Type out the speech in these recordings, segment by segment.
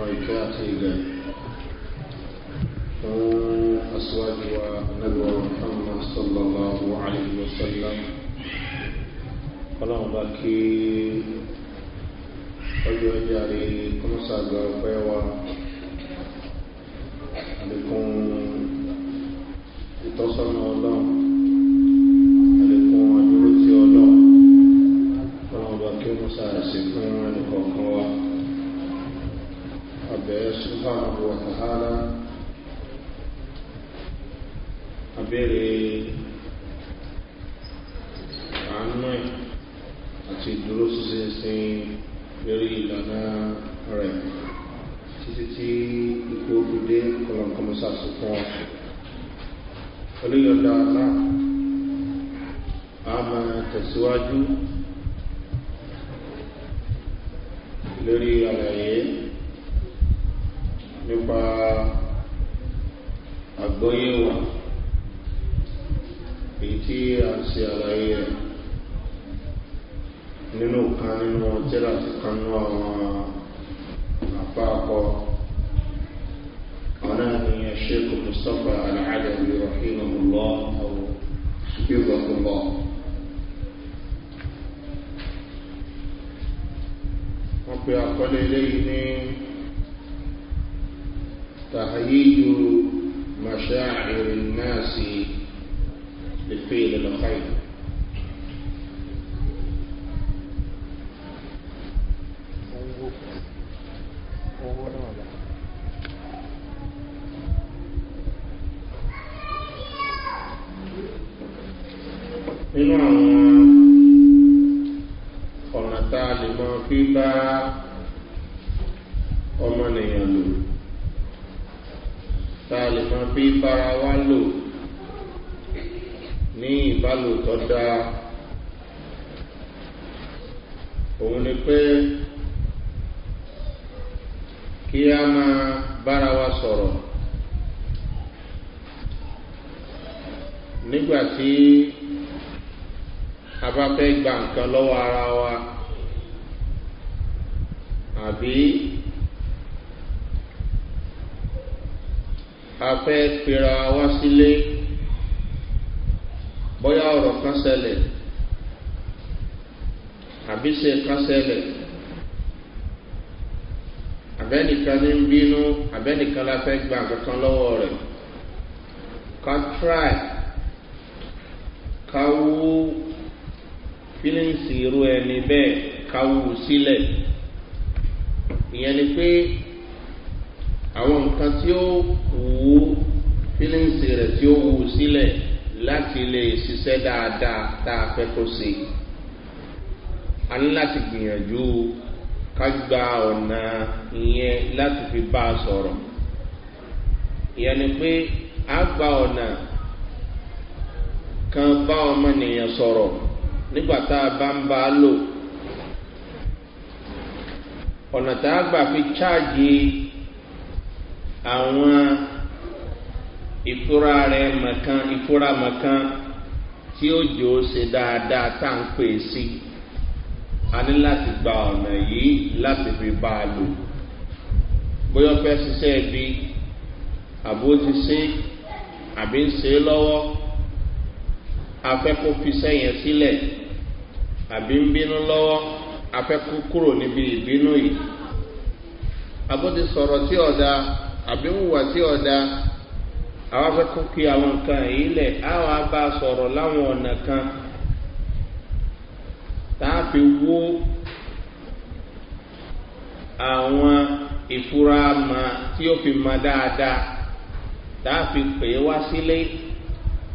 ọ̀rọ̀ ìkẹ́ àti ilẹ̀ fún aṣíwájú wa nẹ́gbọ̀n muhammad sallallahu alayhi wa sallam ọlọ́run bá wa. nínú àwọn ọ̀nà tá a lè mọ fi bá ọmọnìyàn lò tá a lè mọ fi bára wa lò ní ìbálò tó òun ni pé kí a máa bára wa sọ̀rọ̀ nígbà tí abá fẹ́ gba nǹkan lọ́wọ́ ara wa àbí a fẹ́ pera wá sílé bóyá ọ̀rọ̀ kan ṣẹlẹ̀ àbí ṣe kan ṣẹlẹ̀ abẹ́nìkan ní ń bínú abẹ́nìkan la fẹ́ gba nǹkan kan lọ́wọ́ rẹ̀ ká try ká wú. kini n siiru ɛni bɛɛ ka wu silɛ yɛni pe awon nkan ti o wu kini n siiru ti o wu silɛ lati le sise daadaa taa fɛ ko se ani lati gbiyanju ka gba ɔna lati fi ba sɔrɔ yɛni pe a gba ɔna kan ba ɔma ne yɛ nígbà tá a bá ń bá a lò ọ̀nà tá a gbà fi cháàjì àwọn ìfúra rẹ mọ̀kan ìfúra mọ̀kan tí ó jò ó ṣe dáadáa tá à ń pè sí a ní láti gba ọ̀nà yìí láti fi bá a lò bóyá fẹ́ ṣiṣẹ́ bí àbó ti ṣe àbí ń ṣe lọ́wọ́. afẹ́kó fi sẹ́yìn sílẹ̀ àbí ń bínú lọ́wọ́ afẹ́kó kúrò níbi ìbínú yìí abóti sọ̀rọ̀ tí ọ̀dà àbí ń wà tí ọ̀dà àwọn afẹ́kó kí àwọn nǹkan yìí lẹ̀ àwọn abá sọ̀rọ̀ láwọn ọ̀nà kan tá a fi wó àwọn ìfura ma tí ó fi ma dáadáa tá a fi pè é wá sílé.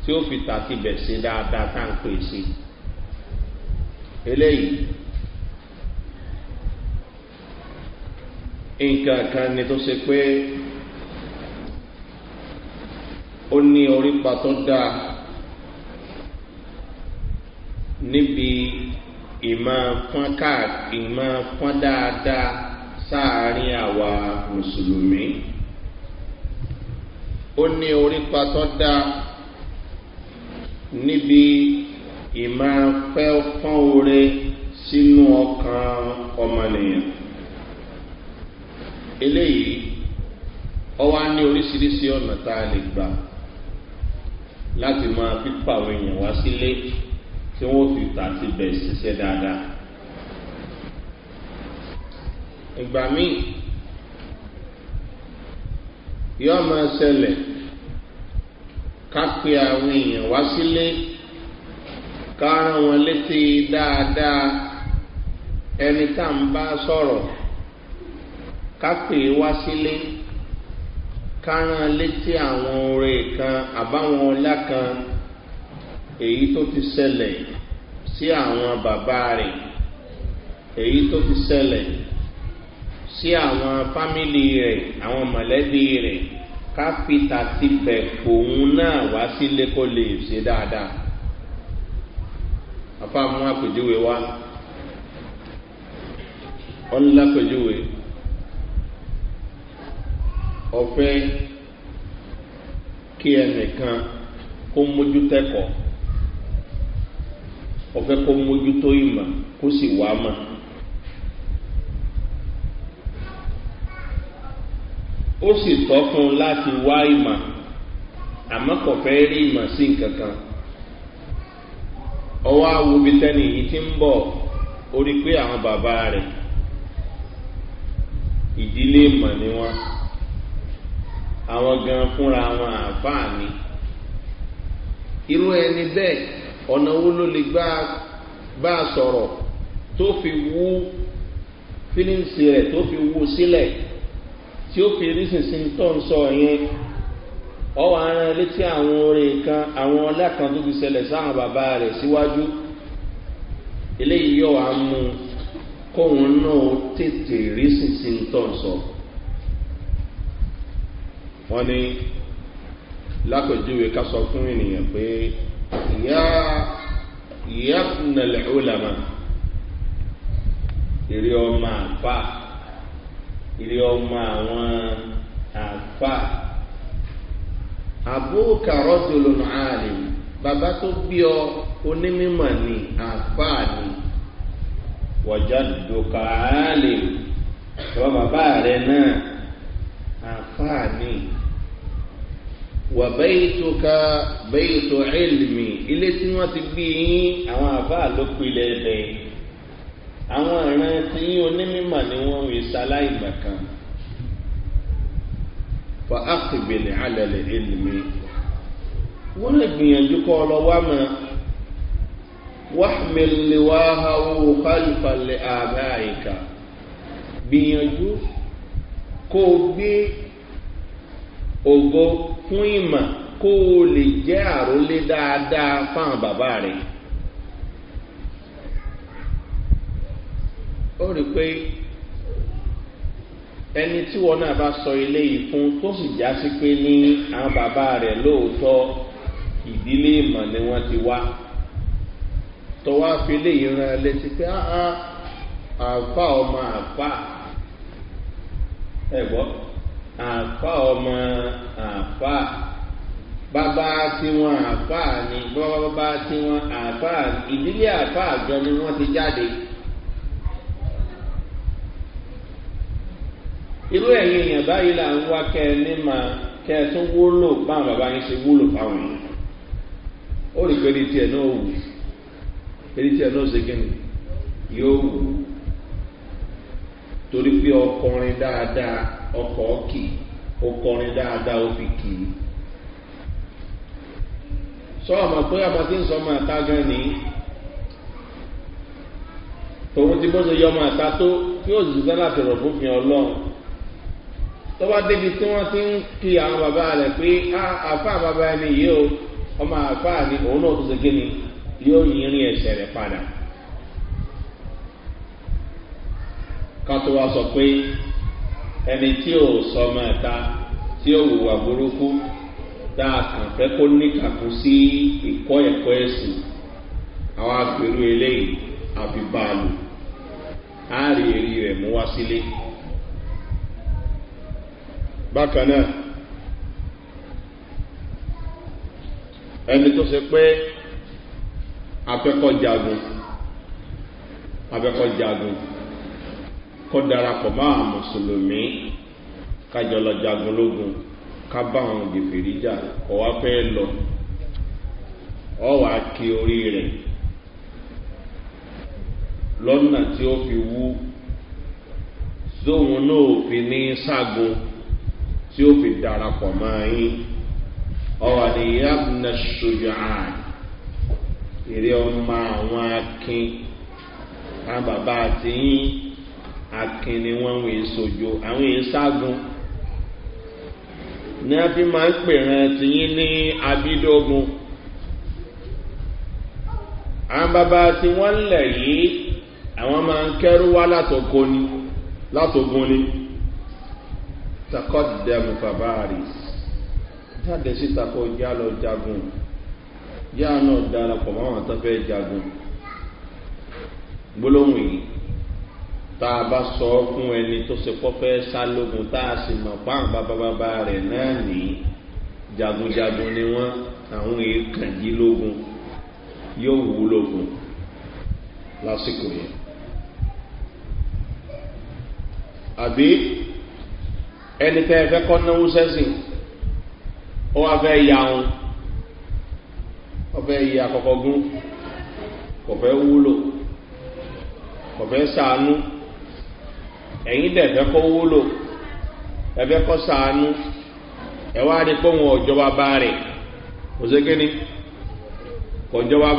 tí ó fi tàkìbẹ̀ ṣe dáadáa tá à ń pè sí eléyìí nǹkan kan ni tó ṣe pé ó ní orípa tó dáa níbi ìmọ̀ fún káàkiri ìmọ̀ fún dáadáa sáàárín àwa mùsùlùmí ó ní orípa tó dáa níbi ìmọ̀ fẹ́ fọ́n oore sínú ọkàn ọmọnìyàn eléyìí ọwọ́ á ní oríṣiríṣi ọ̀nà tá a lè gbà láti máa pípa àwọn èèyàn wá sílé tí wọ́n fi tà sí bẹ̀ ṣiṣẹ́ dáadáa ìgbà míì yóò máa ṣẹlẹ̀. ká pe àwọn èèyàn wá sílé ká rán wọn létí dáadáa ẹni tá à ń bá sọ̀rọ̀ ká wá sílé létí àwọn oore kan àbáwọn ọlá kan èyí tó ti ṣẹlẹ̀ sí àwọn bàbá rẹ̀ èyí tó ti ṣẹlẹ̀ sí àwọn fámìlì rẹ̀ àwọn mọ̀lẹ́bí káfíńtà ti bẹ̀ òun náà wá sílé kó lè ṣe dáadáa afa mú àpèjúwe wá ọ̀nlá pèjúwe ọ̀fẹ́ kí ẹnìkan kó mójú tẹ́kọ̀ọ́ ọ̀fẹ́ kó mójú tó ìmọ̀ kó sì wá mọ̀. ó sì tọ́ fún un láti wá ìmọ̀ àmọ́ kò fẹ́ rí ìmọ̀ sí nǹkan kan ọwọ́ tẹ́ni yìí ti ń bọ̀ orí pé àwọn bàbá rẹ̀ ìdílé ni wọ́n àwọn gan fúnra wọn àáfàá ni irú ẹni bẹ́ẹ̀ ọ̀nà wo fi wú fílíǹsì rẹ̀ tó fi wú sílẹ̀. tí ó fi rí sísìn tó ń sọ yẹn ọwọ́ ara létí àwọn orin kan àwọn ọlá kan tó fi ṣẹlẹ̀ sáwọn bàbá rẹ̀ síwájú eléyìí yóò wá mú kóun náà tètè rí tó ń sọ. wọ́n ní lápèjúwe ká sọ fún ènìyàn pé ìyá ìyá nàlẹ́ ó làmà èrè ọmọ àpá ìrè ọmọ àwọn àfa àbúkà rọ́dùlù ààrẹ bàbá tó bí ọ onímọ̀ ni àfa ni wọ̀jà dùkà ààrẹ ìwọ bàbá rẹ náà àfa ni wà bẹ́ẹ̀ tó ka bẹ́ẹ̀ tó ẹ̀lmì ilé tí wọ́n ti bí yín àwọn àfa ló pilẹ̀ bẹ́ẹ̀ àwọn ìran tí onímọ̀ ni wọ́n ń ṣaláìmọ̀ kan fa akpebele alẹlẹ elimi wọn lè gbìyànjú kọ ọ lọ wá mọ wàhámẹlẹ wàháwó kálífàlẹ àbẹ àyíká gbìyànjú kó o gbé ògo fún ìmọ̀ kó o lè jẹ́ àrólé dáadáa fáwọn bàbá rẹ̀. ó rí i pé ẹni tí wọn náà bá sọ ilé yìí fún tó sì já sí pé ní àwọn bàbá rẹ̀ lóòótọ́ ìdílé ìmọ̀ ni wọ́n ti wá tọwọ́ àfilẹ̀ yìí ran létí pé àfa ọmọ àfa ẹ̀gbọ́ àfa ọmọ àfa bàbá tiwọn àfa ni bàbá tiwọn àfa ìdílé àfa àjọ ni wọ́n ti jáde. irú ẹ̀yin èèyàn báyìí là ń wá kẹ́ ẹ ní máa kẹ́ ẹ tún wúlò báwọn bàbá yín ṣe wúlò fáwọn èèyàn ó rí pé ní tiẹ̀ náà wù ní tiẹ̀ náà ṣe kí ni yóò wù torí pé ọkùnrin dáadáa ọkọ̀ kì ọkùnrin dáadáa ó fi kì í sọ ọmọ pé àbátí ń sọ ọmọ àtá gan ni tòun ti bó ṣe yọ ọmọ àtá tó yóò zùzá láti rọ̀ fún fi ọlọ́run tọ́ba débi tí wọ́n ti ń kí àwọn bàbá rẹ̀ pé ah, àfa bàbá ẹni yìí o ọmọ àfa ni òun náà tó ṣe gé ni yóò yìnrìn ẹsẹ̀ rẹ̀ padà. kátó wa sọ pé ẹni tí ò sọmọ ẹ̀ta tí ò wùwà burúkú tá a kàn fẹ́ kó níkàkú sí ìkọ́ ẹ̀kọ́ ẹ̀sìn àwọn agbèrú eléyìí àfi báàlù á rí èrì rẹ̀ mú wá sílé. Si bákan náà ẹni tó ṣe pé afẹ́kọ̀jagun afẹ́kọ̀jagun kọ́ darapọ̀ máa mùsùlùmí kájọ lọ jagun lógun ká bá àwọn gèfèrí jà kọ́ wá fẹ́ lọ ọ wàá kí orí rẹ̀ lọ́nà tí ó fi wú sóhun náà ò fi ní ságun. tí ó fi darapọ̀ mọ́ yín ọwọ́ ni yabna sojaan èrè ọmọ àwọn akin àwọn bàbá àti yín akin ni wọ́n ń sojo àwọn èèyàn ságun ní a fi máa ń pèrán ti yín ní abídógun àwọn bàbá àti wọ́n lẹ̀ yìí àwọn máa ń kẹ́rù wá látọ̀gún ni. takọ́ dẹ̀mù fàbáàrí jáde síta kó já lọ jagun já náà darapọ̀ máwọn tó fẹ́ jagun gbólóhùn yìí tá a bá sọ ọ́ fún ẹni tó ṣe kọ́fẹ́ sálógun tá a sì mọ̀ fáwọn bàbá rẹ̀ náà ní jagunjagun ni wọ́n àwọn èèkàn yìí lógun yóò wú lógun lásìkò yẹn àbí ẹni tẹ́ ẹ fẹ́ kọ́ náwó sẹ́sìn ó wá fẹ́ ya wọn ó fẹ́ ya kọ̀kọ́ gún kò fẹ́ wúlò kò fẹ́ sàánú ẹ̀yin dẹ̀ fẹ́ kọ́ wúlò ẹ fẹ́ kọ́ sàánú ẹ wá rí pọ́n ọ̀jọba bá rẹ̀ kò sí kí ni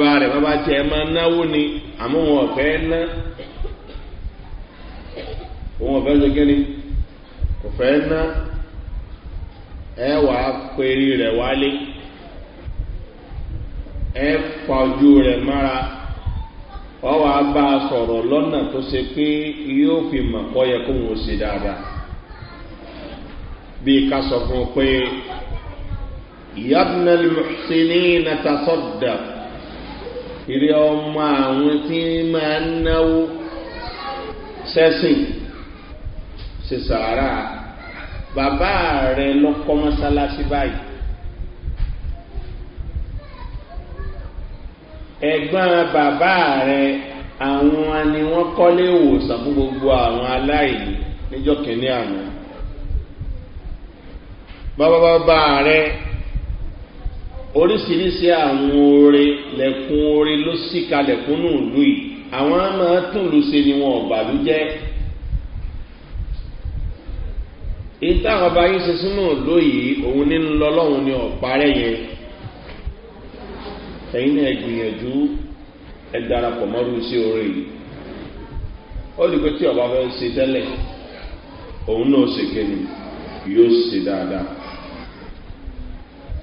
bá rẹ̀ bàbá tiẹ̀ máa náwó ni àmọ́ wọn ná wọn ò sí kí kò fẹ́ ná rẹ̀ wálé ojú rẹ̀ mára bá a sọ̀rọ̀ lọ́nà tó ṣe pé yóò fi mọ̀ kọ́ kó wọ́n ṣe dáadáa bí ká sọ fún un pé yabnal muhsini na ìrẹ́ ọmọ àwọn tí máa ṣe sàárà bàbá rẹ lọ́kọ́ mọ́sálásí báyìí. ẹ̀gbọ́n bàbá rẹ àwọn ni wọ́n kọ́lé ìwòsàn fún gbogbo àwọn aláìní níjọ́ kìíní àná. bàbá bàbá rẹ oríṣiríṣi àwọn oore lẹ̀kún oore ló sì kalẹ̀ kúnnù lùi àwọn àmọ́ tún lù ṣe ni wọn ò bàlú jẹ́. èyí táwọn ọba yín ṣe sínú lóyìí òun ní lọ lọ́hùn ní ọ̀parẹ́ yẹn ẹ̀yin náà gbìyànjú ẹ darapọ̀ mọ́rú sí orí yìí ó lè pé tí ọba fẹ́ ṣe tẹ́lẹ̀ òun náà ṣe kéde yóò ṣe dáadáa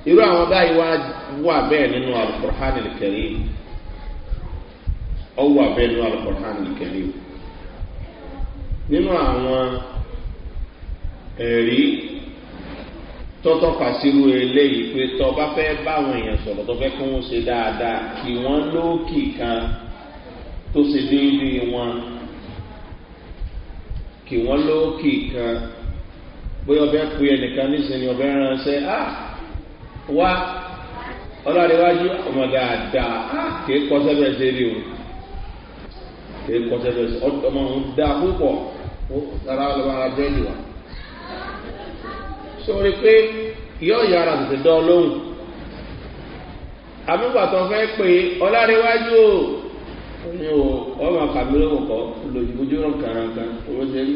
irú àwọn báyìí wá wà bẹ́ẹ̀ nínú alukur'an kẹrì ọ wà bẹ́ẹ̀ nínú alukur'an kẹrì nínú àwọn ẹ̀rí tọ́tọ́ fàṣírù eléyìí pé tọ́ bá fẹ́ báwọn èèyàn sọ̀rọ̀ tó fẹ́ kí wọ́n ṣe dáadáa kí wọ́n lókì kan tó ṣe déédéé wọn kí wọ́n lókì kan bóyá ọbẹ̀ pè ẹnìkan nísìnyí ọbẹ̀ ránṣẹ́ á wá ọlọ́dẹ̀wájú ọmọ dáadáa á kì í kọ́ sẹ́fẹ̀ ṣe rí o kì í kọ́ sẹ́fẹ̀ ṣe ọmọ òun dáa púpọ̀ ó sára ọlọ́mọ ara bẹ́ẹ̀ ni wà sórí pé yóò yára tètè dán ọ lóhùn àmúgbàtàn fẹ́ pé ọlárẹ̀wájú o ní o wọ́n máa kà mí lóhùn kọ́ lójúbójú rán kàràǹkàn owó ṣe rí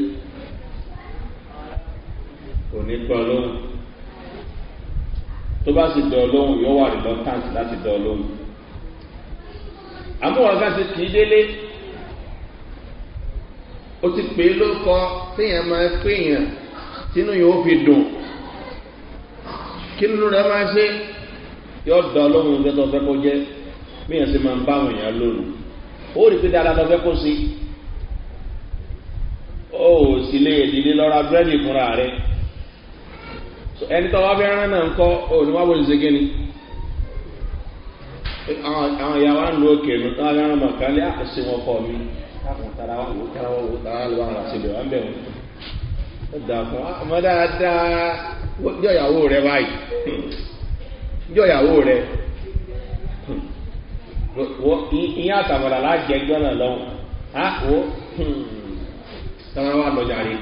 kò ní dán ọ lóhùn tó bá sì dán ọ lóhùn yóò wà rìlọ́tàǹtì láti dán ọ lóhùn àmúwọ̀n ti kì í délé ó ti pè é ló téèyàn máa pè yàn tínú yóò fi dùn kí nínú rẹ̀ máa ṣe yọ da ọlọ́run ìgbẹ́ tó fẹ́ kó jẹ́ míyàn sí máa ń bá àwọn èèyàn lónìí ó rí pé dáadáa tó fẹ́ kó sí ó sì lè dìde lọ́ra búrẹ́dì fúnra rẹ̀ ẹni tó wá fẹ́ rán náà ń kọ́ ó ní wá wọlé ṣégé ni àwọn ìyá wa ń lo òkè mi tó wá fẹ́ rán mọ̀ kálí àṣẹ wọn kọ́ mi káàkùn tara wà wò tara wò tara lè wà wà sílẹ̀ wà ń bẹ̀ wọ́n. ó dà fún wa ọmọ dáadáa jọ́yàwó rẹ̀ báyìí jọ́yàwó rẹ̀ ìyá àtàmọ̀là lájẹ gbọ́nà lọ́wọ́ á wò tọ́wọ́n wà lọ́jà rí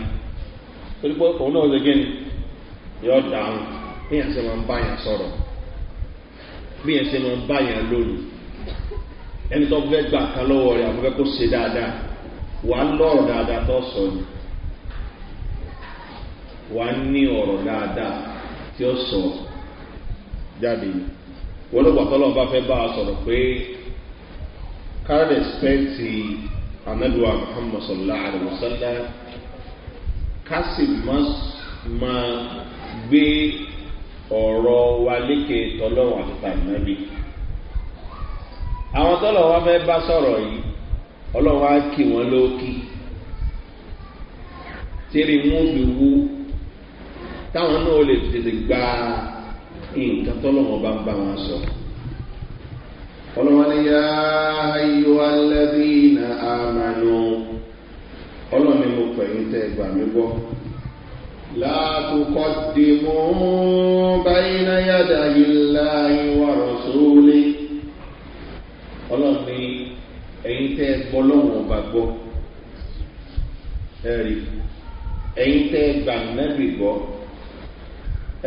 torí pé òun náà lóge ni yọ dáhùn bí yẹn ṣe máa ń bá yẹn sọ̀rọ̀ bí yẹn ṣe máa ń bá yẹn lónìí ẹni tó fẹ́ gbà kan lọ́wọ́ rẹ̀ àbúfẹ́ kó ṣe dáadáa wà á lọ́rọ̀ dáadáa tó sọ wà á ní ọ̀rọ̀ dáadáa tí ó sọ jáde wọ́n ló pàtó lọ́wọ́ bá fẹ́ bá a sọ̀rọ̀ pé kárẹ̀ spẹ́ǹtì anaduwa muhammad sallallahu alaihi wa sallam kásì máa gbé ọ̀rọ̀ wa lékè tọ́lọ́wọ́ àti tàbí àwọn tọ́lọ̀ wa fẹ́ bá sọ̀rọ̀ yìí ọlọ́wọ́ á kì wọ́n lókì tíri wọn fi wú táwọn náà lè tètè gba nǹkan tọ́lọ́wọ́n bá ń bá wọn sọ. ọlọ́wọ́n yá ayọ́ alẹ́bí na àmàlù ọlọ́ni mo pẹ̀yìn tẹ́ gbà mí gbọ́. látòkọ́ di mú báyìí náà yàda yìí láàyè wà rọ̀sọ́lé. ọlọ́ni ẹ̀yìn tẹ́ gbọ́ lọ́wọ́n bá gbọ́. ẹ̀rí ẹ̀yìn tẹ́ gbà nábì gbọ́.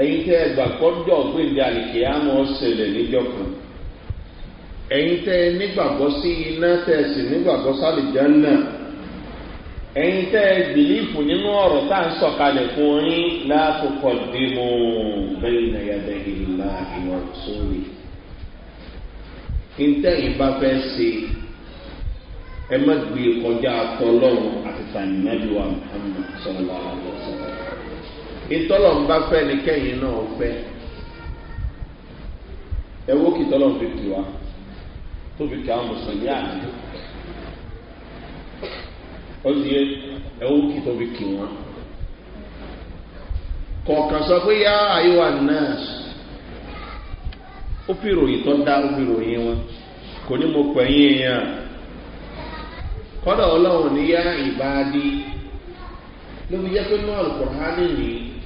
ẹ̀yin tẹ́ ndị gbà kọ́jọ́ gbèǹde àlìkè àmọ́ ṣẹlẹ̀ níjọ́ kan ẹ̀yin nígbàgbọ́ sí iná tẹ́ sì nígbàgbọ́ na náà ẹ̀yin tẹ́ bìlífù nínú ọ̀rọ̀ tá à ń sọ̀kalẹ̀ fún yín bẹ́ẹ̀ ìlà ìwà sórí fẹ́ ṣe ẹ má Ịtọlọ ń bá fẹ́ ni kẹ́yìn náà fẹ́ ẹ wó kí ìtọ́lọ̀ fi kì wá tó fi kì àwọn mùsùlùmí àná ó sì yẹ ẹ wó kí tó fi kì wọ́n kọ̀ọ̀kan sọ pé yá àyíwá ó fi wọn kò ní mo pẹ̀yìn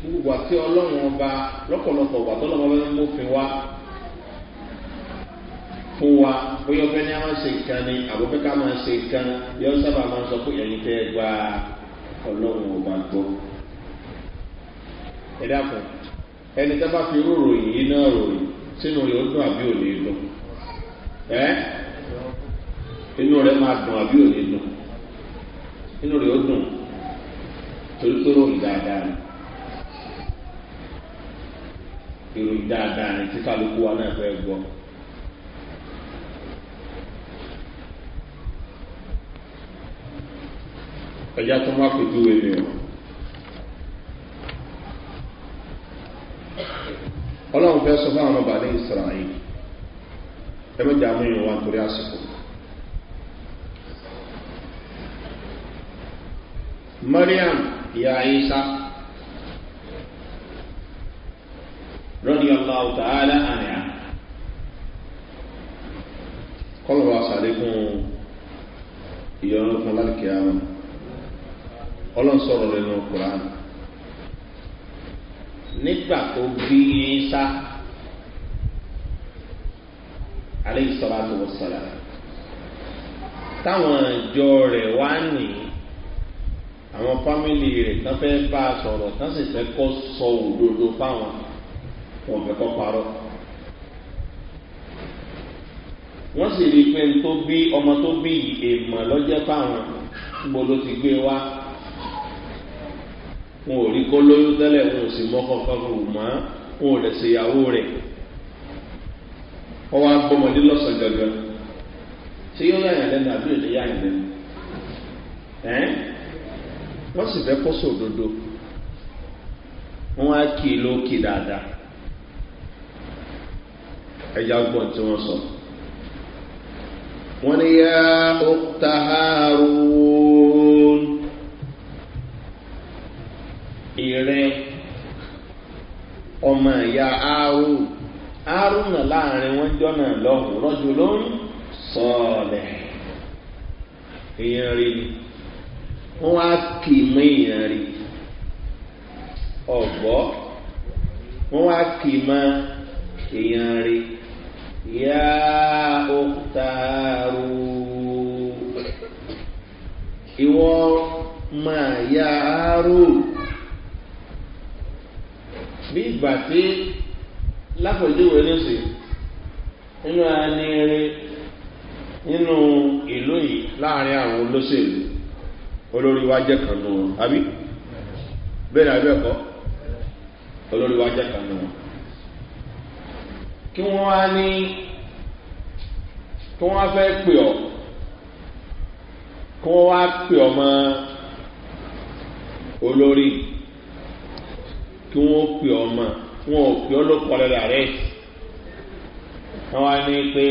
gbogbo tí ọlọ́run ọba lọ́pọ̀lọpọ̀ ọba tọ́lọ́mọ bá wá wa bóyá ọbẹ̀ ní a máa ṣe nǹkan ni ká máa ṣe nǹkan yọ sábà máa sọ pé gba ọba gbọ́. ẹ dákun ẹni bá fi yìí náà ròyìn sínú ó dùn àbí ò ní dùn ẹ inú máa dùn àbí ò ní dùn inú ó dùn ìròyìn dáadáa ní tí kálukú wa náà fẹ́ gbọ́. ẹja tó má pèjúwe mi o. ọlọ́run fẹ́ sọ fún àwọn ọba ní ìsirahì ẹ méjì àwọn èèyàn wa nítorí àsìkò. mariam ìyá ayé sá. rọ́dí ọláwù tààlà àná kọlọ̀wà sàlékún ìyọnu fún lálùkì àmà ọlọ́nsọ̀rọ̀ lẹ́nu kùrán nígbà tó bí sá aleyhi sọlá tó wọ sọlá táwọn ìjọ rẹ̀ wá nìyí àwọn fámìlì rẹ̀ tán fẹ́ bá a sọ̀rọ̀ tán sì fẹ́ kọ́ sọ òdodo fáwọn. wọn fẹ́ kọ́ parọ́ wọ́n sì rí i pé tó bí ọmọ tó bí èèmọ̀ lọ́jẹ́ fáwọn gbogbo ló ti gbé wá wọn ò rí kó lóyún tẹ́lẹ̀ wọn ò sì mọ́kàn fáwọn òmá wọn ò dẹ̀ ṣe ìyàwó rẹ̀ wọ́n wá gbọ́mọdé lọ́sàn gangan ṣé yóò lẹ́nu àbí òde lẹ́nu wọ́n sì fẹ́ wọ́n á kì í ló kì dáadáa. ẹja gbọ́n tí wọ́n sọ. wọ́n ní yá ọ̀tá àrùn ìrẹ́ ọmọ ìyá àrùn àrùn náà láàrin wọn jọ́nà lọ́hùn rọ́jò ló ń sọ̀ọ̀lẹ̀ èèyàn rí ni wọ́n wá kì í mú èèyàn rí ọ̀gbọ́ wọ́n wá kì í mọ èèyàn rí. ya أخت هارون إيوه ya يا bí ìgbà tí lápèjúwe lóṣè nínú láàrin àwọn olóṣèlú olórí wa jẹ́ àbí bẹ́ẹ̀ ni kí wọ́n wá ní kí wọ́n fẹ́ pè ọ́ kí wọ́n wá pè ọ́ mọ́ olórí kí wọ́n pè ọ́ mọ́ wọn ò pè ọ́ ló kọ́ lọ́dà rẹ̀ wọ́n wá ní pé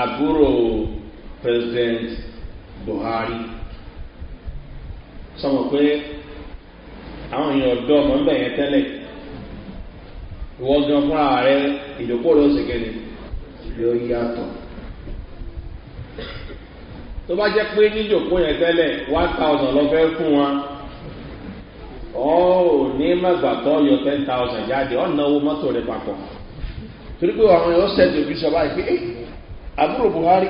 àbúrò president buhari sọmọ pé àwọn èèyàn ọ̀dọ́ ọmọ ń bẹ̀yẹn tẹ́lẹ̀ ìwọ gan fúnra rẹ ìdókò rẹ ọ̀sẹ̀ kẹ́lẹ̀ yóò yàtọ̀ tó bá jẹ́ pé níjòkó yẹn tẹ́lẹ̀ one thousand lọ fẹ́ fún wa ọ̀ ní mẹ́gbàtọ́ yọ ten thousand jáde ọ̀nà owó mọ́tò rẹ papọ̀ torí pé àwọn yóò ṣẹ́ẹ̀dì òbí sọ báyìí pé eh, àbúrò buhari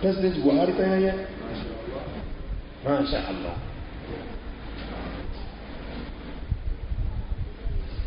president buhari tẹ́yẹ́yẹ́ máa ń ṣe àlọ́.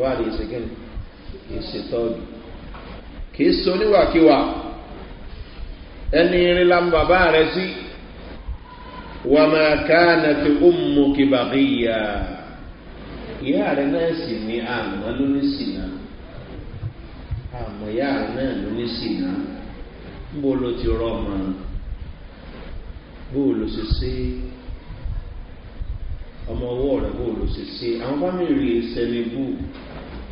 wà lè ṣe gẹ́ni kìí ṣe tọ́ọ̀dù kìí ṣe oníwàkiwà ẹni rí la bàbá rẹ sí wà máa ká na fi ọmọ kìbàkì yá ìyá rẹ náà sì ní àmọ́ lóní sínà àmọ́ ìyá rẹ náà lóní sínà ń bó ló ti rọ́ ọmọ bó ló ṣe ṣe ọmọ ọwọ́ rẹ̀ bó ló ṣe ṣe àwọn fámìlì rẹ̀ ṣẹlẹ̀ bú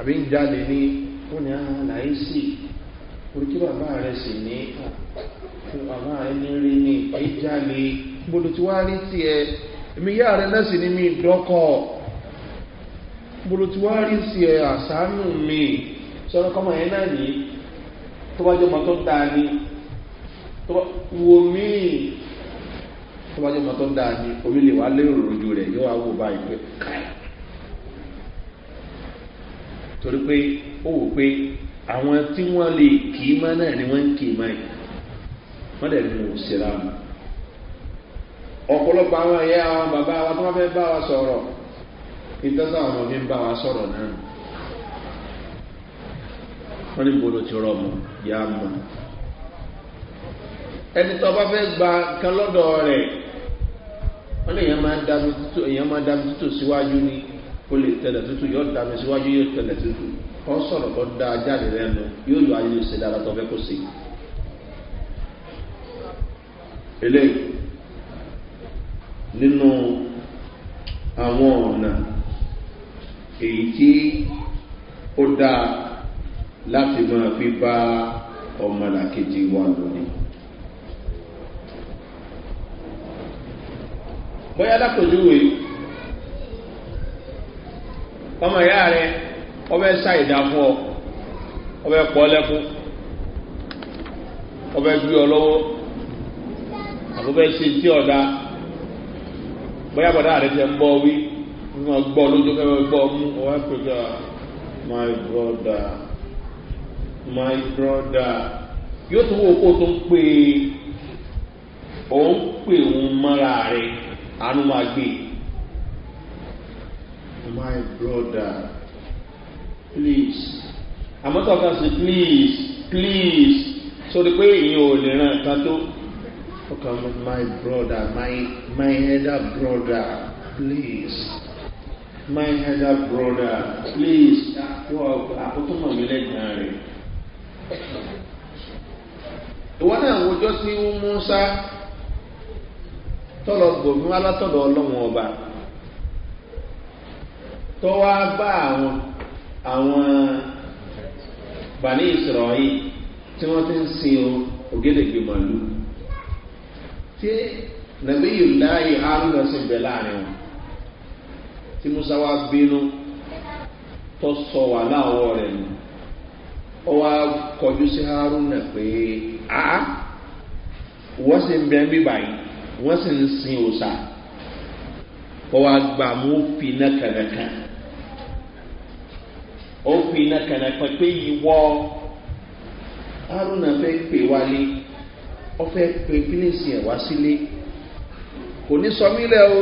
àbí ń jáde ní wọ́n ní àlàyé sí ojú bàbá rẹ̀ sì ní fún bàbá rẹ̀ ní rí ní ìjáde gbọdọ̀ tí wá rí tí ẹ èmi yá rẹ̀ náà sì ní mi dọ́kọ̀ gbọdọ̀ tí wá rí sí ẹ àsánù mi sọ́rọ́ kọ́mọ yẹn náà ní tó bá jẹ́ ọmọ tó dáa ní wo mí tó bá jẹ́ tó dáa ní omi lè wá lérò lójú rẹ̀ yóò wá wò báyìí pé káyà torí pé ó wò pé àwọn tí wọ́n lè kì í mọ́ náà ni wọ́n ń kì í mọ́ ẹ̀ wọ́n dẹ̀ ní òṣèré àwọn ọ̀pọ̀lọpọ̀ àwọn ẹ̀yà àwọn bàbá wa tó wọ́n fẹ́ bá wa sọ̀rọ̀ ìtọ́sà àwọn ọmọ mi ń bá wa sọ̀rọ̀ náà wọ́n ní bolo ti rọ̀ mọ́ yá mọ́ ẹni tó bá fẹ́ gba kan lọ́dọ̀ rẹ̀ wọ́n lè yẹn máa dábí síwájú ni ó lè tẹ̀lẹ̀ tútù yóò dá mi síwájú yóò tẹ̀lẹ̀ tútù kọ́ sọ̀rọ̀ kọ́ da jáde lẹ́nu yóò lọ ayé ṣe dára tó fẹ́ kó sí. eléyìí nínú àwọn ọ̀nà èyí tí ó dáa láti máa fi bá ọmọlàkejì wa lónìí. bóyá lápèjúwe ọmọ ìyá rẹ ọbẹ̀ ṣàìdá fún ọ ọbẹ̀ pọ̀ lẹ́kún ọbẹ̀ gbé ọ lọ́wọ́ àbúbẹ̀ ṣe tí ọ̀dá bóyá bọ̀dá rẹ ti ń bọ́ wí wọ́n gbọ́ lójú fẹ́ gbọ́ mú ọwọ́ pẹ̀lú ah, my brother my brother yóò tún wò kó tó ń pè é òun pè òun mọ́ra rẹ̀ àánú máa gbé e my brother please àmọ́ tó ọ̀gá sí please please sórí pé ìyẹn ò lè ràn ká tó ọkàn my brother my my elder brother please my elder brother please àkótó mọ̀ mí lẹ́gbẹ̀ẹ́ rẹ̀ ìwọ náà wọjọ́ sí musa tọ́lọ̀ gbòmí alátọ̀dọ̀ ọlọ́run ọba tó wá bá àwọn àwọn bàní ìsọ̀rọ̀ yìí tí wọ́n ti ń sin ògédègbè màlú tí nàbíyù láàyè àrùnà sí bẹ̀ láàrin wọn tí musa wá bínú tó sọ wà láwọ rẹ̀ nù ó wá kọjú sí haruna pé a wọ́n sì ń bẹ́ mí báyìí wọ́n sì ń sin òòsà ó wá gbà mú fi nákànákà o fi iná kànáfà pé ìwọ haruna fẹ́ pè wálé ó fẹ́ pè fínísì ẹ̀ wá sílé kò ní sọ mí lẹ́ o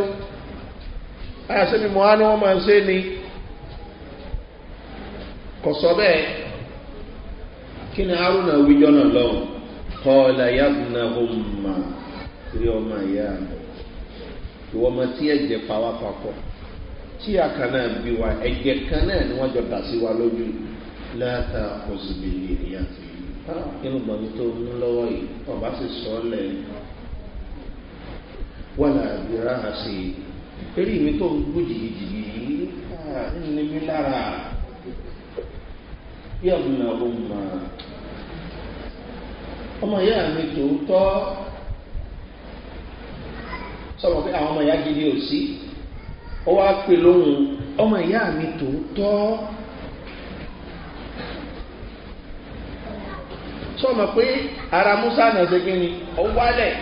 àyàsẹ́ mi mọ̀ á ní wọ́n máa ṣe ni kò sọ bẹ́ẹ̀ kí ni haruna wíjọ́ náà lọ́wọ́ kọ́ọ̀lá yàgùnà ọmọ rí ọmọ ìyá rẹ̀ ìwọ́n ọmọ tí ẹ̀jẹ̀ pa wá papọ̀. tí a kan náà bí wa ẹ̀jẹ̀ kan náà ni wọ́n jọ dà sí wa lójú ọba sì sọ ọ́ lẹ̀ wọ́n là gbéra hàn sí i eré mi tó ń gbó yìí lára bí ó mọ̀ ọmọ tòótọ́ ó wá pè ọ ọmọ ìyá mi tòótọ́ sọmọ pé ara musa náà ṣe ni ó wálẹ̀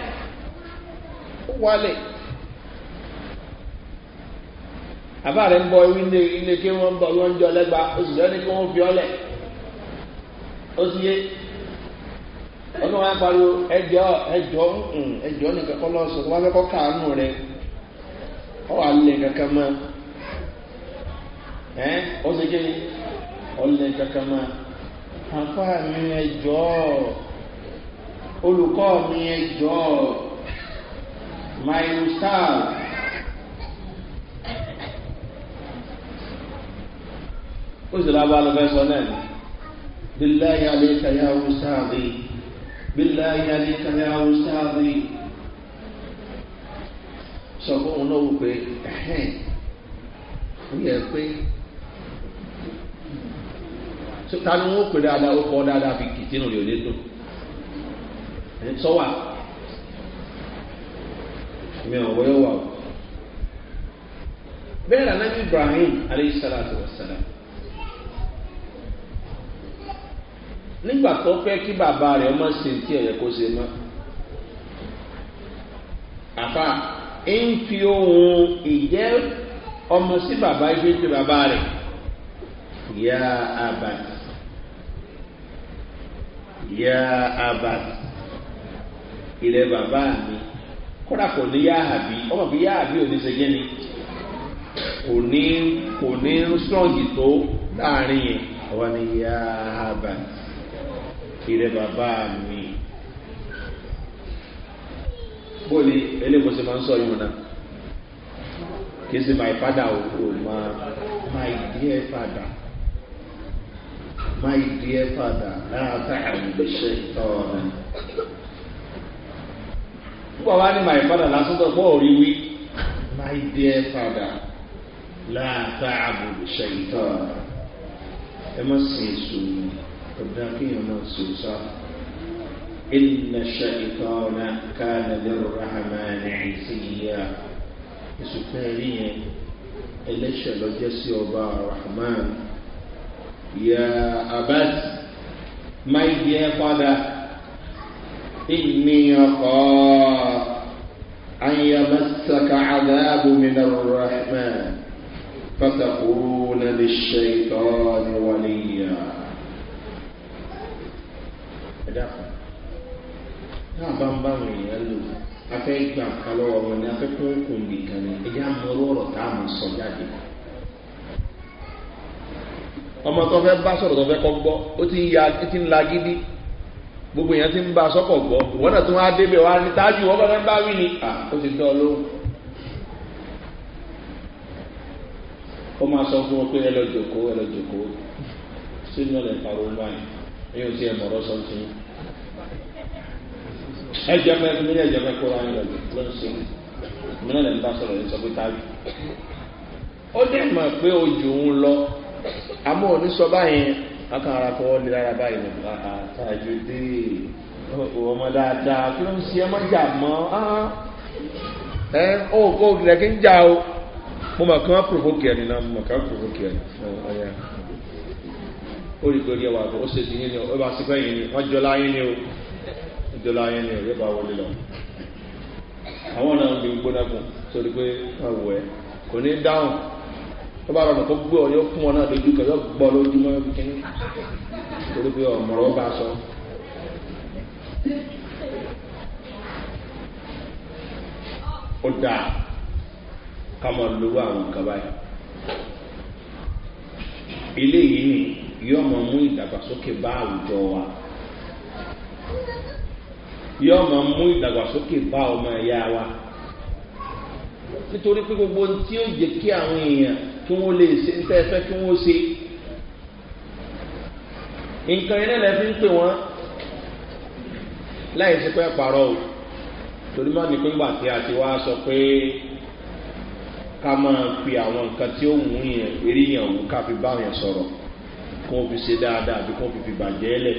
ó wálẹ̀ àbá rẹ̀ ń bọ ewì ilé ilé kí wọ́n ń bọ wọ́n ń jọ lẹ́gba oṣù tó ní kí wọ́n fi ó sì yé pariwo ẹjọ́ ẹjọ́ ẹjọ́ nìkan kọ́ wọ́n fẹ́ kọ́ kàánú rẹ̀. ọwọ́ alẹ́ kankan mọ́ ẹ́ ó ṣe kí ni ọlẹ́ kankan mọ́ àfa mi ẹjọ́ olùkọ́ mi ẹjọ́ my ustaz. ó sì lábá lọ fẹ́ sọ náà ni bíláyà lè kàyà ustaz bíláyà lè kàyà ustaz. sọ fún òun náà wò pé ó yẹ pé ta ni wọ́n pè dáadáa ó dáadáa fi kìtìnù rẹ̀ ò ní dùn ẹ̀ sọ́wà mi ò Ibrahim aleyhisalatu wasalam. Nígbà tó fẹ́ kí bàbá rẹ̀ ọmọ ẹ̀yẹ kó se mọ́. ń fi ohun ìjẹ́ ọmọ sí bàbá ife ti bàbá rẹ̀ yá abat yá abat ilẹ̀ bàbá mi kódà kò ní yá àbí ọmọ bí yá àbí ò ní ṣe jẹ́ ni kò ní kò ní strong tó láàrin yẹn ọwọ́ ni yá abat ilẹ̀ bàbá mi. bó ni eléyìí ṣe máa ń sọ yìí náà kì ṣe my father o o ma my dear father my dear father látàrí ṣe tọ́ ọ nígbà wá ní my father lásán tó gbọ́ òrí wí my dear father látàrí ṣe tọ́ ọ ẹ má sin èso ọ̀dà kéèyàn má sin èso àwọn. إن الشيطان كان للرحمن عيسيا يسكرني إليش بجسي وبا الرحمن يا أبت my dear father إني أخاف أن يمسك عذاب من الرحمن فتكون للشيطان وليا náà bá ń bá àwọn èèyàn lò afẹ́ gbà kan lọ́wọ́ wọn ni afẹ́ kún kùn bì kan ni ẹ̀yà mọ́rú ọ̀rọ̀ tá a mọ̀ sọ jáde. ọmọ tó fẹ́ bá sọ̀rọ̀ tó fẹ́ kọ́ gbọ́ ó ti ń ya ti ń la gidi gbogbo ya ti ń ba sọ́kọ̀ gbọ́ wọ́n náà tún wá débẹ̀ wá ní tájú wọ́n fẹ́ bá wí ni à ó ti tọ́ lóhùn. ó máa sọ fún wọn pé ẹjẹ fẹ mi ní ẹjẹ fẹ kó ra ẹlẹ ló ń sìn mí náà lẹnu bá sọrọ ní sọ pé tábì ó lọ àmọ́ òní aka ara akàrà kọ́ lè lára báyìí ní àtàjù dé ọmọ dáadáa kí ló ń ṣe ẹmọ jà mọ́ ẹ ó kó òkìlẹ̀ kí o mo mọ̀ ni ìjọba ayé ni ọ̀rẹ́ bá wọlé lọ àwọn ọ̀nà ń bí gbóná kù sórí pé àwọ̀ ẹ̀ kò ní dáhùn tó bá rọrùn kó gbé ọ yóò fún ọ náà lójú kan yóò gbọ́ lójúmọ́ yóò fi kíní torí pé ọ̀mọ̀rọ̀ bá sọ. ó dáa ká lówó àwọn nǹkan báyìí eléyìí ni yóò mú ìdàgbàsókè bá àwùjọ wa yóò máa mú ìdàgbàsókè bá ọmọ ẹ̀yà wa nítorí pé gbogbo tí ó jẹ́ kí àwọn èèyàn kí wọ́n lè ṣe ń tẹ́ fẹ́ kí wọ́n ṣe nǹkan iná lẹ́ fi ń pè wọ́n láì ṣe pé pàrọ̀ o torí má ní pé ńgbà tí a ti wá sọ pé ká máa fi àwọn nǹkan tí ó mú yẹn eré yẹn wò ká fi bá yẹn sọ̀rọ̀ kó fi ṣe dáadáa àbí kó fi fi bàjẹ́ lẹ̀.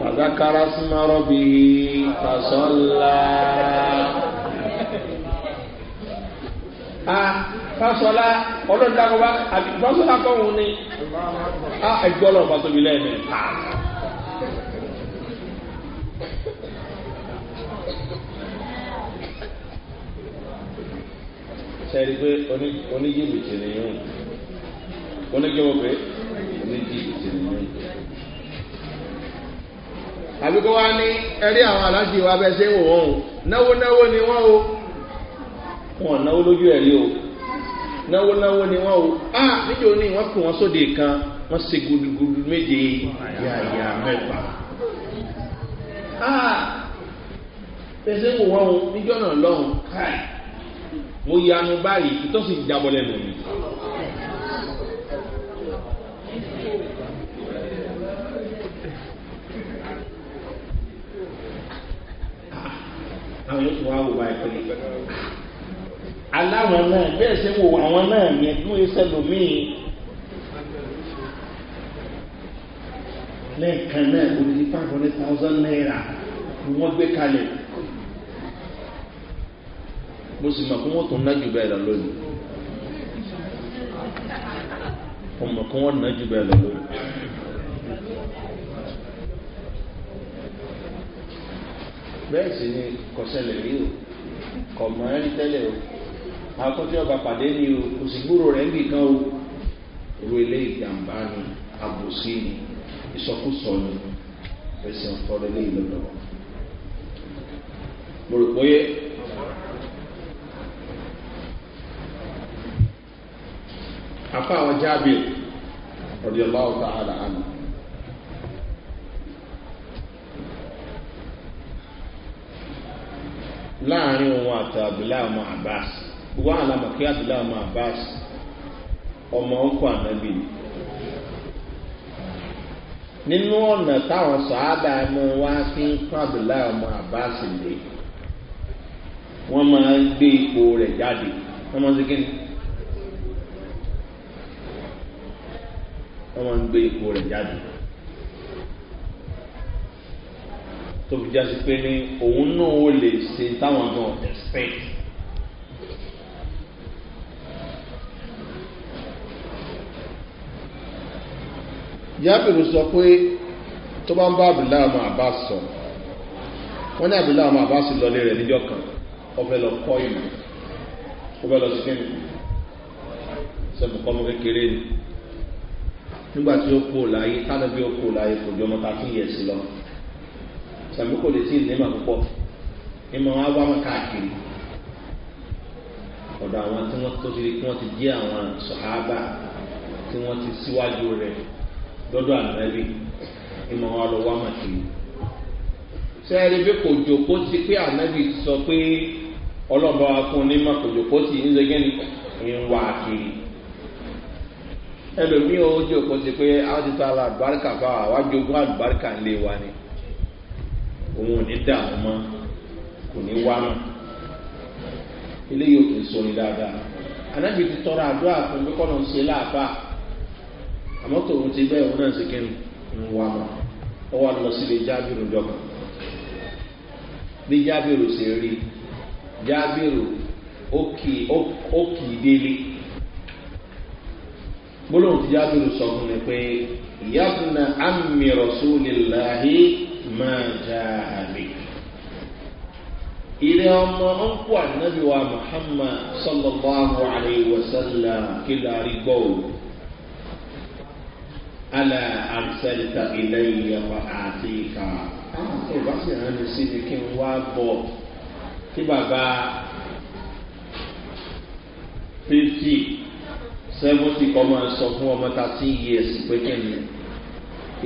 fàdákàrà súnmọ́rọ́ bí fàṣọ́lá. a fàṣọ́lá ọlọ́dúnrún wa àbí fàṣọ́lá kọ́ òun ni a ẹgbẹ́ ọlọ́run fàṣọ́bí lẹ́ẹ̀mẹ́ ta. sẹ́ẹ̀rí pé oníjìbìtì nìyẹn oníjìbìtì nìyẹn àbí kó wá ní ẹrí àwọn aláṣẹ ìwà bẹ́ẹ̀ ṣe ń wò wọ́n o náwó náwó ni wọ́n o wọn náwó lójú ẹ̀rí o náwó náwó ni wọ́n o a níjẹ́ òní wọ́n kò wọ́n sóde kan wọ́n ṣe gudugudu méje yàyà mẹ́fà a bẹ́ẹ̀ ṣe ń wò wọ́n o níjọ́ náà lọ́hùn káì mo yanu báyìí ìtọ́sí ìjábọ̀ lẹ́nu àwọn yóò tún wá wò báyìí pé aláwọn náà bẹ́ẹ̀ ṣe wò àwọn náà yẹn dún iṣẹ́ lòmíì lẹ́ẹ̀kan náà odidi five hundred thousand naira ni wọ́n gbé kalẹ̀ mo sì mọ̀ kí wọ́n tún ná jù bẹ́ẹ̀ lọ lónìí mo mọ̀ kí wọ́n ná jù bẹ́ẹ̀ lọ lónìí. bẹ́ẹ̀ sì ni kọ̀sẹ̀lẹ̀ rí o kọ̀mọ̀ ẹ́ ní tẹ́lẹ̀ o akọ́ tí ọba pàdé ni o kò sì gbúrò rẹ̀ ń bìkan o ru ilé ìjàmbá ni àbòsí ni ìsọkúsọ ni ẹsẹ̀ ọ̀tọ́rẹ́ ní ìlọ́dọ̀ mo rò pé afa àwọn jábìrì ọ̀dẹ̀ ọba ọ̀tá àdáhàmì. àti abdullahi ọmọ abbas ọmụ àwọn àlàmà kí abdullahi ọmọ abbas ọmọ ọkọ ànábì nínú ọ̀nà táwọn sọ̀hábà mú wá sí fún abdullahi ọmọ abbas lé wọ́n máa ń gbé ipò rẹ̀ jáde wọ́n máa ń máa ń gbé ipò jáde. tó fi jásí pé ní òun náà ó lè ṣe táwọn gan expect. yábìrì sọ pé tó bá ń bá abdullahi ọmọ abbas sọ wọn ní abdullahi ọmọ abbas lọlé rẹ níjọ kan ọfẹ lọ kọ ìmọ ọfẹ lọ sí kíni sẹbùkọ ọmọ kékeré ni nígbà tí ó kú láyé tánàbí ó kú láyé kò jọmọ tá a sí lọ. tàbí kò lè sí ìlẹ́mà púpọ̀ ní ma wá wá káàkiri ọ̀dọ̀ àwọn tí wọ́n tó ti wọ́n ti jẹ́ àwọn sọ̀hábà tí wọ́n ti síwájú rẹ̀ lọ́dọ̀ wá lọ ti pé sọ pé ọlọ́ba wa fún un ní kò ti ń lé gẹ́ni ń wá ẹlòmíì ó ti pé á ti àlùbáríkà fáwọn àwájú ni. òun ò ní dààmú mọ́ kò ní wá mọ́ eléyìí ò kì í sori dáadáa anábì ti tọrọ àdúrà fún bí kọ́nà ṣe láàbà àmọ́ tòun ti bẹ́ẹ̀ òun náà ṣe kí wá ọ wà lọ sílé jábìrì jọba bí jábìrì ṣe rí jábìrì ó kì í délé gbólóhùn ti jábìrì sọ fún mi pé ìyá fún mi máa já àmì. ilé ọmọ ọ̀nkú ànábì wa muhammad sallallahu alayhi wa sallam kílá rí gbọ́ o. ala àrísẹ́lítà ilé ìyẹ̀wò àti ìka. àwọn ìbá sì rán mi sí ni kí n wá bọ̀ tí bàbá fifty seventy kọ́ máa sọ fún ọmọ thirteen years pé kí ni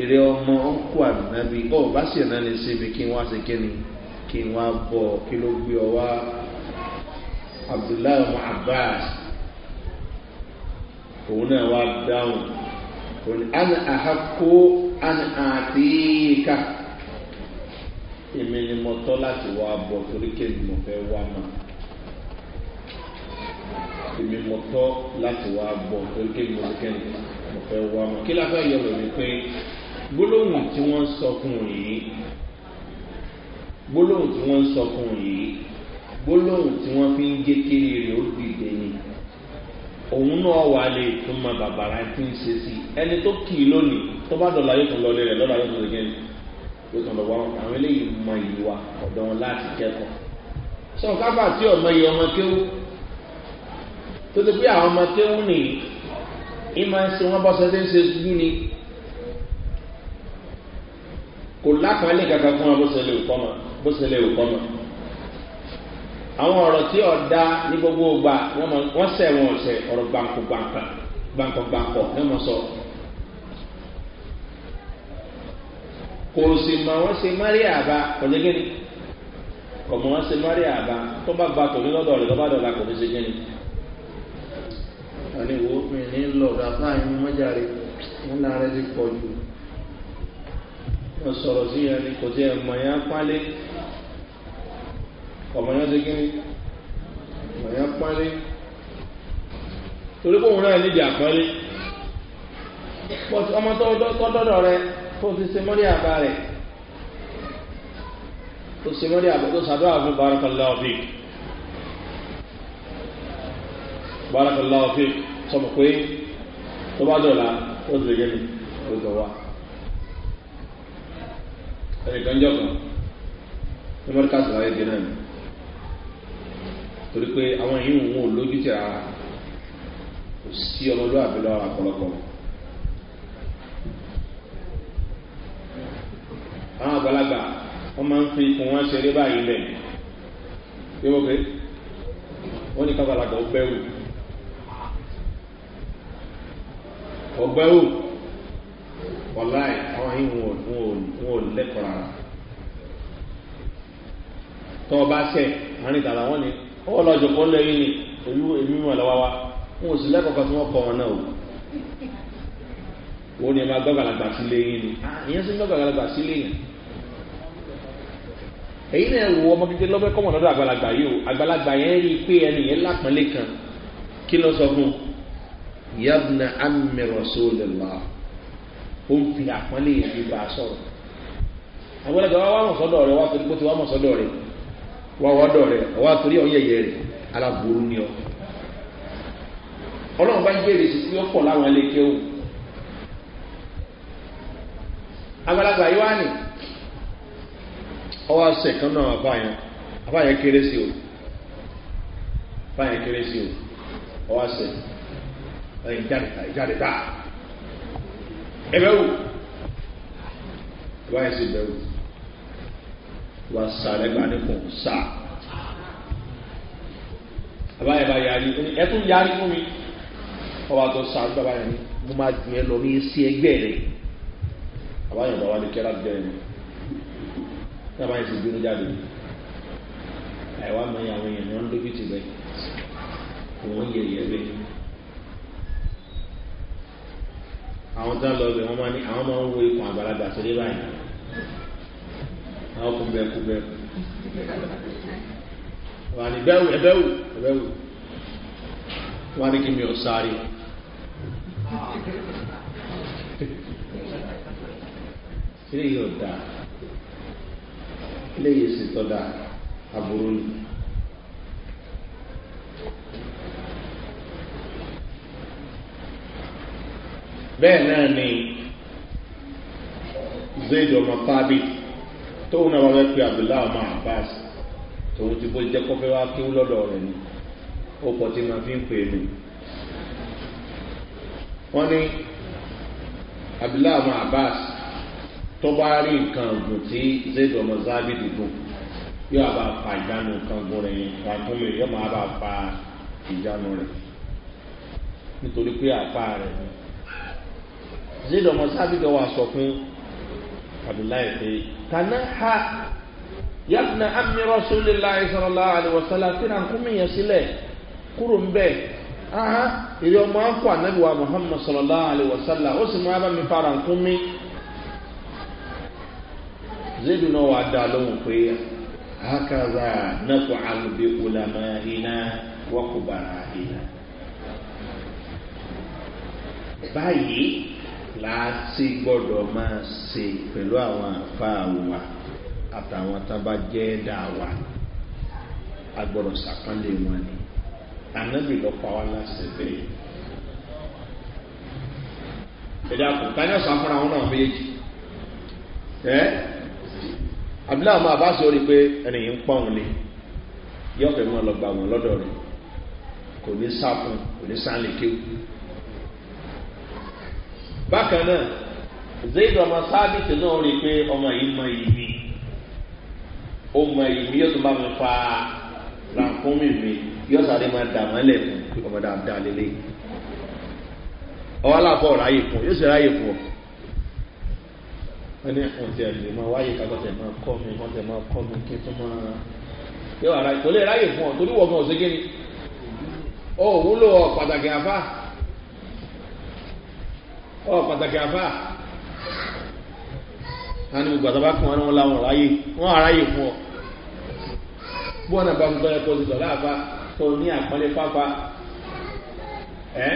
ìrẹ ọmọ ọkọ ànábi ọ bá sì ẹ̀nà lè ṣe mi kí n wá ṣe kíni kí n wá bọ̀ kí ló gbé ọ wá abdullahi ọmọ abbas òun náà wá dáhùn òun ni àná àhákó àná àtìkà èmi ni mo tọ́ láti wá bọ̀ torí kéde mo fẹ́ wá náà èmi mo tọ́ láti wá bọ̀ torí kéde mo fẹ́ wá náà kí la fẹ́ yọ̀ wẹ̀ pé gbólóhùn tí wọ́n ń sọ fún yìí gbólóhùn tí wọ́n ń sọ fún yìí gbólóhùn tí wọ́n fi ń gé kiri rẹ̀ ó dìde ni òun náà wà lè tún ma bàbàrà tí ń ṣe sí ẹni tó kì í lónìí tó bá dọ̀la yóò tún lọ lé rẹ̀ lọ́la yóò tún lè gẹ́ni yóò tún lọ wá wọn àwọn eléyìí mọ ìwà ọ̀dọ́ wọn láti kẹ́kọ̀ọ́ sọ kábà tí ọmọ yìí ọmọ kéwú tó ti pé àwọn ọmọ kéwú nìyí ìmọ̀ ẹsẹ̀ wọn bá sọ ṣe ṣe sùúrù ni kò lápẹ́lẹ́ kankan fún wa bó ṣe lè kọ́ ma bó ṣe lè kọ́ ma àwọn ọ̀rọ̀ tí ọ̀dá ní gbogbo ọgbà wọ́n sẹ̀ wọ́n ọ̀sẹ̀ ọ̀rọ̀ gbàǹkó gbàǹkó gbàǹkó gbàǹkó ní wọ́n sọ. kò sì mọ wọ́n ṣe mari àbá ọ̀dẹ́gẹ́ni kò mọ wọ́n ṣe mari àbá tó bá gba tòní lọ́dọ̀ rẹ̀ tó bá kò ní ṣe gẹ́ni. àní mi ní lọ́ọ̀dà fáyín mọ́jà rẹ̀ wọ́n wọ́n sọ̀rọ̀ sí yẹn ni kò tí ẹ̀ mọ̀ yẹn pálé ọmọ yẹn ti kíni mọ̀ yẹn pálé torí kóhun náà níbi àpọ́lé ọmọ tọ́dọ̀dọ̀ rẹ tó fi se mọ́rí àbá rẹ̀ tó se mọ́rí àbá tó sàdọ́ àbú barakallah ọ̀fíì ofi, ọ̀fíì sọmọ pé tó la, dọ̀la ó dùn gẹ́gẹ́ ní ọjọ́ wa ẹnìkan jọ̀kan ní mọ́ríkàsì láyé dé náà ni torí pé àwọn yìí ń wọ́n lójú tí ara kò sí ọmọlúwàbí lọ́wọ́ àpọ̀lọpọ̀. àwọn àgbàlagbà wọ́n máa ń fi ikùn wọn ṣeré báyìí lẹ̀ yóò pé wọ́n ní kábàlagbà ó bẹ́wò ó bẹ́wò wọláì àwọn yìí wọn ò lẹ́kọ̀ọ́ rárá tọ́ ọ bá sẹ̀ àárín ìtàlá wọn ni ọwọ́ lọ́jọ́ kọ́ lẹ́yìn ni èmi mímọ̀ lọ́wọ́ wa wọn ò sì lẹ́kọ̀ọ́ kan tí wọ́n kọ́ wọn náà o wọ́n ní ẹ máa gbọ́gàlagbà sí lẹ́yìn ni ìyẹn sì ń gbọ́gàlagbà sí lẹ́yìn èyí náà wo ọmọ kékeré lọ́fẹ́ kọ́mọ̀ lọ́dọ̀ àgbàlagbà yìí o àgbàlagbà yẹn rí i pé ẹni yẹn lápẹ́lẹ́ kan kí ló sọ fún yabna amirọ̀sọ́lẹ̀lá o ń fi àpọ́nlé ìdí bá a sọ̀rọ̀ àwọn ẹlẹ́gbẹ̀ẹ́ wá wá mọ̀ sọ́dọ̀ wa wá torí pé tí wá mọ̀ sọ́dọ̀ rẹ̀ wá wọ́dọ̀ rẹ̀ wá torí ọ̀yẹ̀yẹ rẹ̀ aláboró ni ọ. ọlọ́run bá ń bèrè sí pọ̀ láwọn ẹlẹ́kẹ́ o àgbàlagbà yìí wá nì ọwọ́ àṣẹ kan náà àbáyẹn àbáyẹn kéré sí o àbáyẹn kéré sí o ọwọ́ àṣẹ ẹ̀yìn jáde ẹbẹ̀wò wáyé sí bẹ̀wò wà sàrẹ́gbà nípò sà àbáyé bá yarí ẹ tún yarí fún mi ọba tó sà gbàgbà yẹn ni mo máa gbìn ẹ lọ ní sí ẹgbẹ́ rẹ àbáyé bá wà ní kẹ́rà bẹ́ẹ̀ ni sábà yẹn ti bínú jáde àìwá mọ àwọn èèyàn ní wọn lójú ti bẹ òun yẹyẹ bẹ́ẹ̀. àwọn tá lọ bẹ wọn máa ní àwọn máa ń wo ikùn àgbàlagbà sórí báyìí àwọn kò bẹ́ẹ̀ kò bẹ́ẹ̀ wà ní bẹ́ẹ̀ wù ẹ̀bẹ́ wù ẹ̀bẹ́ wù wọ́n á ní kí mi ò sáré sílẹ̀ yìí ò dáa ilé yìí sì tọ́ da aburú ni. bẹ́ẹ̀ náà ni zayd ọmọ thabit tóun náà wá fẹ́ pe abdullahi ọmọ abbas tòun ti bó jẹ́ kó fẹ́ wá kíw lọ́dọ̀ rẹ̀ ni ó pọ̀ tí ma fi ń pè mí wọ́n ní abdullahi ọmọ abbas tó bá rí nǹkan ọ̀gùn tí zayd ọmọ thabit gùn yóò bá fa ìjánu nǹkan gùn rẹ̀ yẹn wà tó lè yọ́ máa bá fa ìjánu rẹ̀ nítorí pé àpá rẹ̀ ni zid ọmọ sábìgà wà sọ fún abdullahi pé tànà ha yàtúnà àmì rọ́ṣúlélá ìsọ̀rọ̀lá àdìwọ̀sálà tí náà kún mìíràn sílẹ̀ kúrò ń bẹ̀ aha èrè ọmọ akọ anabiwa muhammad sọlọlá àdìwọ̀sálà ó sì máa bá mi fara nkún mi zid náà wà dá hakaza nàkó àlùbí ulàmà iná wọ́kùbàrà iná báyìí láti gbọ́dọ̀ máa ṣe pẹ̀lú àwọn àfáà wa àtàwọn tábà jẹ́ dà wa agbọ́dọ̀ sàpánlé wọn ni ànábì lọ pa wá láṣẹ bẹ́ẹ̀. ẹ̀dá kò tani ọ̀sán fúnra wọn náà méjì ẹ́ abdullahi ọmọ abá sọ rí pé ẹni yìí ń pọ̀ wọn lé yọ̀ọ̀fẹ́ wọn lọ gbà wọn lọ́dọ̀ rẹ̀ kò ní sáfún kò ní sáńlé kéwù bákan náà zayd ọmọ sábìtì náà rí i pé ọmọ yìí mọ ìmí ó mọ ìmí yóò tún bá mi fa rànkúnmí mi yóò sáré máa dà mọ́lẹ̀ fún ọmọ dáadáa lélẹ̀ ọwọ́ aláfọ̀ ráyè fún yóò sì ráyè fún ọ. wọ́n ní ẹ̀fọn ti ẹ̀rù máa wáyé kakọ́tẹ̀ máa kọ́ mi kọ́tẹ̀ máa kọ́ mi kí n tún máa yóò ráyè kò ráyè fún ọ torí wọ́n gan ọ̀sẹ̀ gẹ́ni ó wúlò pàtàkì àfáà ọ pàtàkì àfà a ní gbogbo àtàbá kan wọn láwọn ráyè wọn àráyè fún ọ bó ọ̀nà bá gbogbo ẹ̀kọ́ ti dọ̀lá àfà tó ní àpọ́nlé pápá ẹ́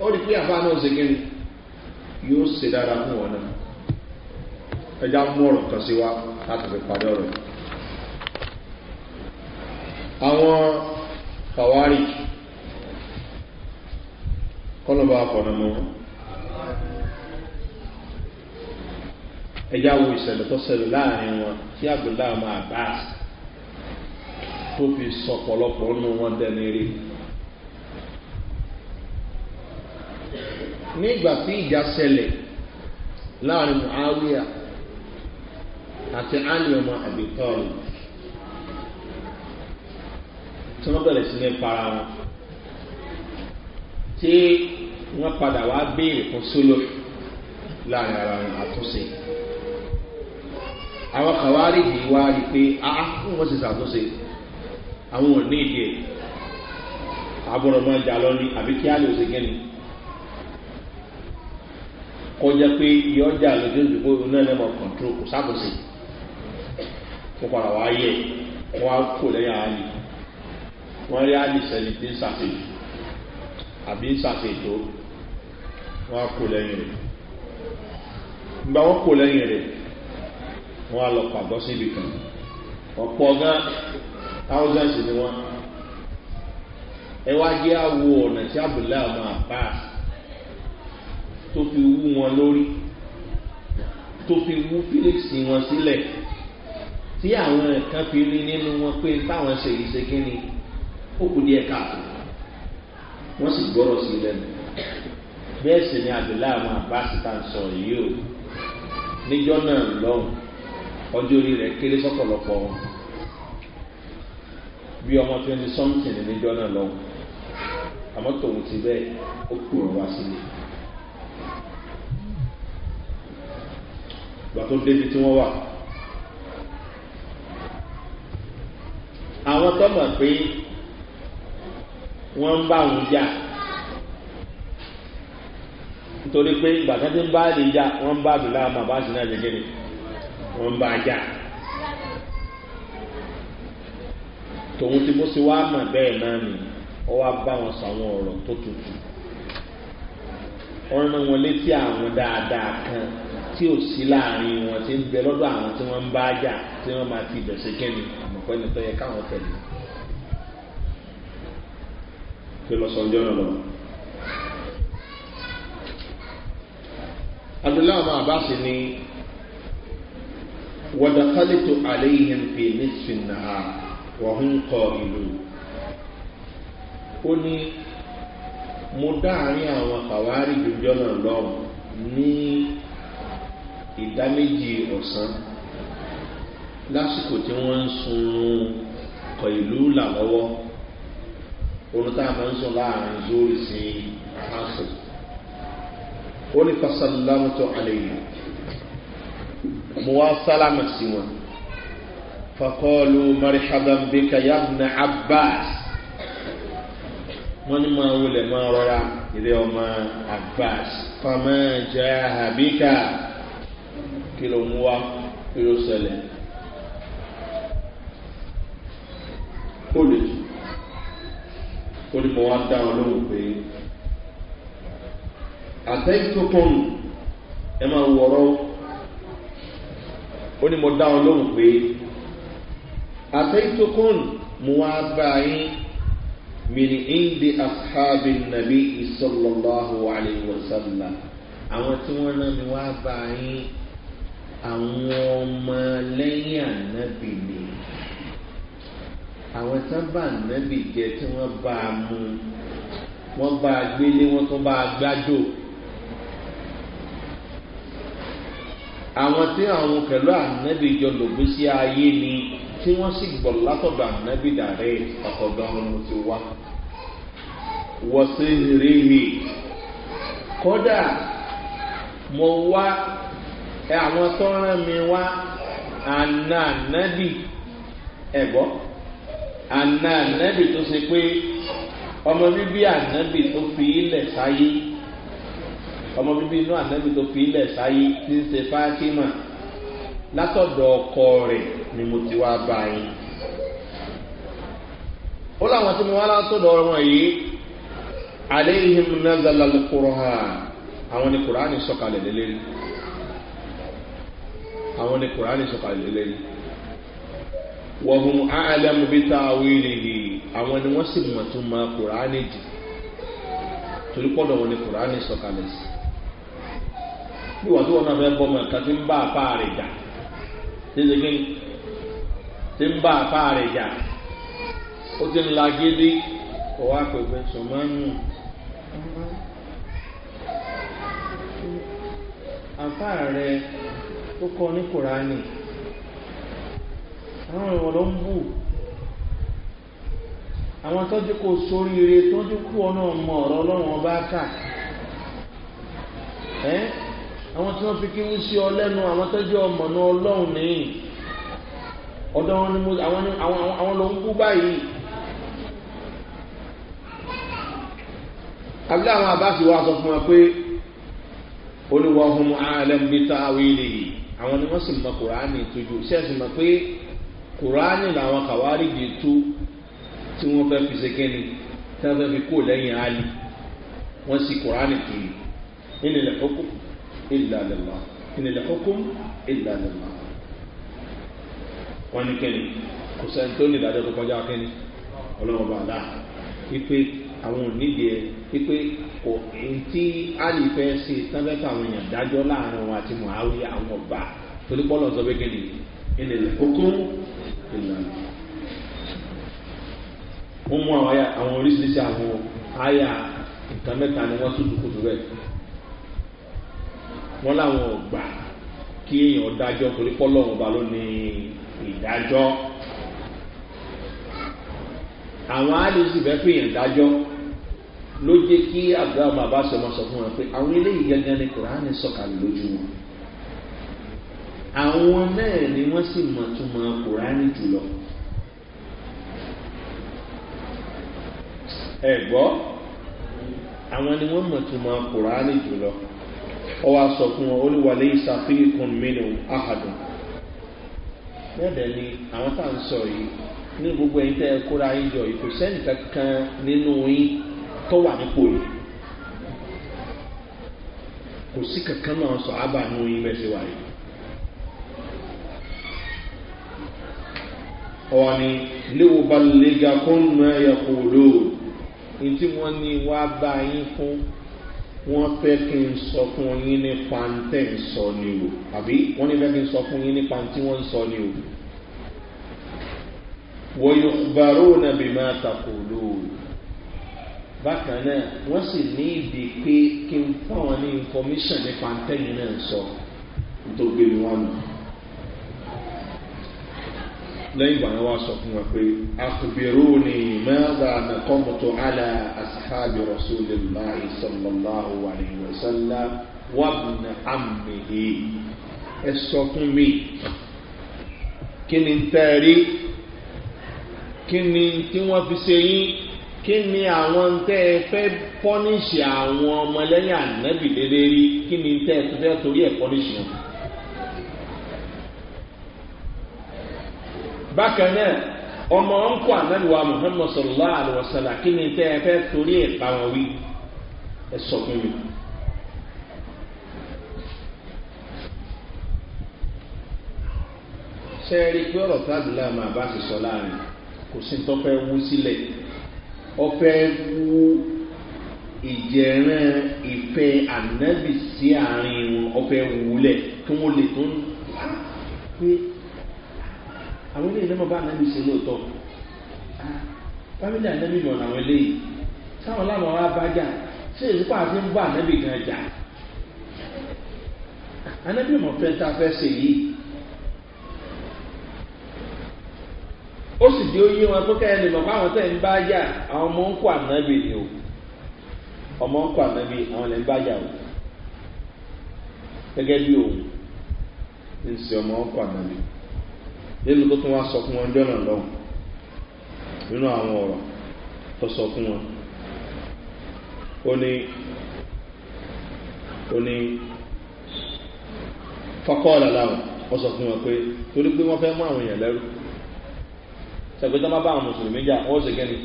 ó rí pé àfà náà ṣe kíni yóò ṣe dára fún ọ náà ẹja mú ọ̀rọ̀ kan sí wa láti fi parí ọ̀rọ̀ àwọn kàwárì kọ́lọ́bà àpọ̀nà mọ́ ẹjá wo ìṣẹ̀lẹ̀ tó ṣẹlẹ̀ láàrin wọn tí àbúlá máa bá tó fi sọ̀pọ̀lọpọ̀ nù wọn dẹni rí nígbà tí ìjà ṣẹlẹ̀ láàrin muawiya àti aliyama abitọ́ọ̀lù tí wọ́n bẹ̀rẹ̀ sí ní para wọn. tí wọ́n padà wá béèrè fún sólò láàrin ara wọn àtúnṣe àwọn kàwárí yìí wá rí pé áá ah, ah, wọ́n wọn ṣàtúnṣe àwọn ò ní ìdí ẹ̀ àbúrò máa jà lọ ní àbí kí á lè ṣe gẹ́nu kọjá pé iye lójú ìdìbò náà lè mọ kọ̀ǹtró kò sákòsí kó àbí ṣàfihàn wọn kò lẹ́yìn rẹ̀ gba wọn kò lẹ́yìn rẹ̀ wọn lọ pàgọ́ síbi kan ọ̀pọ̀ ọ̀gá thousands ni wọn ẹ wá jẹ́ àwo ọ̀nà tí abdullá máa bá tó fi wú wọn lórí tó fi wú felix wọn sílẹ̀ tí àwọn kan fi rí nínú wọn pé táwọn ṣe kí ni ó kù díẹ̀ káàkiri wọ́n sì gbọ́rọ̀ sí lẹ́nu bẹ́ẹ̀ sì ni abdullahi àwọn abáṣetà ń sọ yìí o níjọ́ náà lọ́hùn ọjọ́ orí rẹ̀ kéré sọ́pọ̀lọpọ̀ bí ọmọ twenty something níjọ́ náà lọ́hùn àmọ́ tòun ti bẹ́ẹ̀ ó kúrò wá sílé. ìgbà tó débi tí wọ́n wà. àwọn tó pé wọ́n ń bá wọn jà nítorí pé ìgbà tó ti ń bá lè jà wọ́n ń bá abdullahi ọmọ abbas náà gẹ́gẹ́rẹ́ wọ́n ń bá jà tòun ti bó ṣe wá mà bẹ́ẹ̀ náà nì ọ wá bá wọn sọ àwọn ọ̀rọ̀ tó tutù wọ́n rán wọn létí àwọn dáadáa kan tí ò sí láàrin wọn ti ń bẹ lọ́dọ̀ àwọn tí wọ́n ń bá jà tí wọ́n máa ti bẹ̀ ṣe kẹ́ni àmọ̀pẹ́ni tó yẹ káwọn tẹ̀lé kí lọ sọ ọjọ́ náà lọ. abdullahi ọmọ abasi ni wàdàkálẹ̀tò àléyìn fi nísfin náà wọ́n ń kọ ìlú. ó ní mo dá àárín àwọn kàwárí jòjọ́ náà lọ́wọ́ ní ìdá ọ̀sán lásìkò tí wọ́n ń sun kọ ìlú là lọ́wọ́ òun tá a máa ń sùn láàrin zórí sí ásù ó ní fasalámùtò àlèyé mo wá sálámà sí wọn fakọọlù marihaban bíkà yabna abbas wọn ní máa wulẹ̀ máa rọra ilé ọmọ abbas fama jẹ́ àbíkà kí ló wá kí ló ṣẹlẹ̀ ó ní mo wá dá wọn lóhùn pé àtẹ́tòkùn ẹ máa wọ̀rọ̀ ó ní mo dá wọn lóhùn pé àtẹ́tòkùn mo wá bá yín mini indi ashabi nabi sallallahu alayhi wa sallam àwọn tí wọ́n rán mi wá bá yín àwọn ọmọ lẹ́yìn ànábì nìyí àwọn tán bá nàbì jẹ tí wọ́n bá a mú wọ́n bá a gbélé wọ́n tó bá a gbájò. àwọn tí àwọn pẹ̀lú ànábì jọ lògbé sí ayé ni tí wọ́n sì gbọ̀ látọ̀dọ̀ ànábì dàrẹ́ ọ̀tọ̀dọ̀ ọ̀run ti wá. wọ́n sì rí kódà mo wá àwọn tó rán mi wá àná ànábì ẹ̀gbọ́n. àna ànábì tó ṣe pé ọmọ bíbí ànábì tó fi ilẹ̀ sáyé ọmọ bíbí inú ànábì tó fi ilẹ̀ sáyé ti ń ṣe látọ̀dọ̀ ọkọ rẹ̀ ni mo ti wá bá ó láwọn tí mo wá látọ̀dọ̀ wọn yìí àléhìn nàzàlà lùkùrọ̀ hà àwọn ni wọ́n àlẹ́mú bí tá a wíìlì yìí àwọn ni wọ́n sì mọ̀ tó máa kùránì jù torí pọ́dọ̀ wọn ni kùránì sọ̀kalẹ̀ sí. bí wàá tó wọn náà fẹ́ bọ́ ọmọ ẹ̀ka ń bá apá rẹ̀ jà tẹ́lẹ̀ kí tí ń bá apá rẹ̀ jà ó ti ń la àwọn ìwọ̀n ń bù àwọn tó dínkù sórí ire tó dínkù ọ̀nà ọmọ ọ̀rọ̀ ọlọ́wọ̀n bá kà ẹ́ àwọn tí wọ́n fi kí wú sí ọ lẹ́nu àwọn tó ọmọ náà ọlọ́run nìyí ọ̀dọ̀ wọn ni mo àwọn ló ń kú báyìí abúlé àwọn sọ fún wa pé ọ̀hún alẹ́ ń bí tá a wí lè yìí àwọn ni wọ́n sì kùránì làwọn kàwárìgì tó tí wọ́n fẹ́ fi ṣẹ́kẹ́ni tí wọ́n fẹ́ fi kó lẹ́yìn àlì wọ́n sì kùránì kiri ìnìlẹ̀ ọkọ̀ ìlàlẹ̀mà ìnìlẹ̀ ọkọ̀ ìlàlẹ̀mà wọ́n ní kẹ́ni kò sẹ́ni tó ní ìdájọ́ tó kọjá kẹ́ni ọlọ́wọ́ bá dáa wípé àwọn onídìí ẹ wípé kò tí àlì fẹ́ ṣe tán fẹ́ fà àwọn èèyàn dájọ́ láàrin wọn àti mọ̀ إن الحكم إلا wọ́n mú àwọn àyà àwọn oríṣiríṣi àwọn àyà nǹkan mẹ́ta ni wọ́n tútù kùtù rẹ̀ wọ́n láwọn ọ̀gbà kí èèyàn dájọ́ torí pọ́lọ́wọ́n ba ló ní ìdájọ́ àwọn àlè sì fẹ́ pé èèyàn dájọ́ ló jẹ́ kí abdulhamid abbas ọmọ sọ fún wọn pé àwọn eléyìí gẹ́gẹ́ ni kùránì sọ̀kalẹ̀ lójú wọn. àwọn náà ni wọ́n sì mọ̀ tún mọ kùránì jùlọ. ẹ gbọ́ àwọn ni wọ́n mọ̀ tún mọ kùránì jùlọ. ọwọ́ sọ fún wọn olúwalẹ̀ ìsàfihàn kan mílíọ̀nù ahadùn. bẹ́ẹ̀ ni àwọn tá à ń sọ yìí ní gbogbo ẹ̀yin tẹ́ ẹ kóra yín jọ yìí kò sẹ́ni kankan nínú yín tó wà nípò yìí kò sí kankan náà sọ ábà nínú yín bẹ́ẹ̀ ṣe wà yìí. ọ̀wà ni léwu balẹ̀gà kún mọ́ ẹ̀kọ́ lò ní tí wọ́n ní wá bá yín fún wọ́n fẹ́ kí n sọ fún yín ní pàǹtẹ̀ ń sọ ni o àbí wọ́n ní fẹ́ kí n sọ fún yín ní pàǹtí wọ́n ń sọ ni o. wọ́n yóò gbàrú nàbì máa takò lò bákan náà wọ́n sì ní ìdí pé kí n fún ní information ní pàǹtẹ̀ yìí náà sọ nítorí pé wọ́n lẹ́yìn ìgbà náà wá sọ fún wa pé àkùbẹ̀rù ni mẹ́ta nàkọ́mọ̀tò àlà àsàhábì rasulillah sallallahu alayhi wa sallam wàbùnà àmìhì ẹ sọ fún mi kí ni ń tẹ́ rí kí ni tí wọ́n fi ṣe yín kí ni àwọn ń tẹ́ ẹ fẹ́ pọ́níṣì àwọn ọmọlẹ́yìn ànábìlélẹ́rí kí ni ń tẹ́ ẹ fẹ́ torí ẹ̀ pọ́níṣì wọn. bákan náà ọmọ ọ̀nkọ́ análuwa muhammed sallallahu alayhi wa sallam kí ni tẹ́ ẹ fẹ́ torí ẹ̀ bá wọn wí ẹ sọ fún mi. sẹ́ẹ̀rí pé ọ̀rọ̀ tábìlì àmà bá ti sọ láàrin kò sí tó fẹ́ wú sílẹ̀ ọfẹ́ wú ìjẹ̀rán ìfẹ́ ànábì sí àárín wọn ọfẹ́ wúlẹ̀ kí wọ́n lè tún pé àwọn ilé ìlọ́mọ̀ bá ànábì ṣe lóòótọ́ ah, fámílì ànábì mọ̀ làwọn eléyìí táwọn láwọn wá bá jà ṣé ìsúpà àti ń bá ànábì gan jà ànábì mọ̀ fẹ́ tá a fẹ́ ṣe yìí ó sì di oyé wọn pé kẹ́hìn lè tẹ̀ ń bá àwọn ọmọ ń kó ni o ọmọ nínú tó tún wá sọ fún wọn jọ́nà lọ́wọ́ nínú àwọn ọ̀rọ̀ tó sọ fún wọn ó ní ó ní fọ́kọ́ọ̀lá láwọn ó sọ fún wọn pé torí pé wọ́n fẹ́ mú àwọn èèyàn lẹ́rú sẹ̀gbẹ́ tó má bá àwọn mùsùlùmí jà ó sì kẹ́ni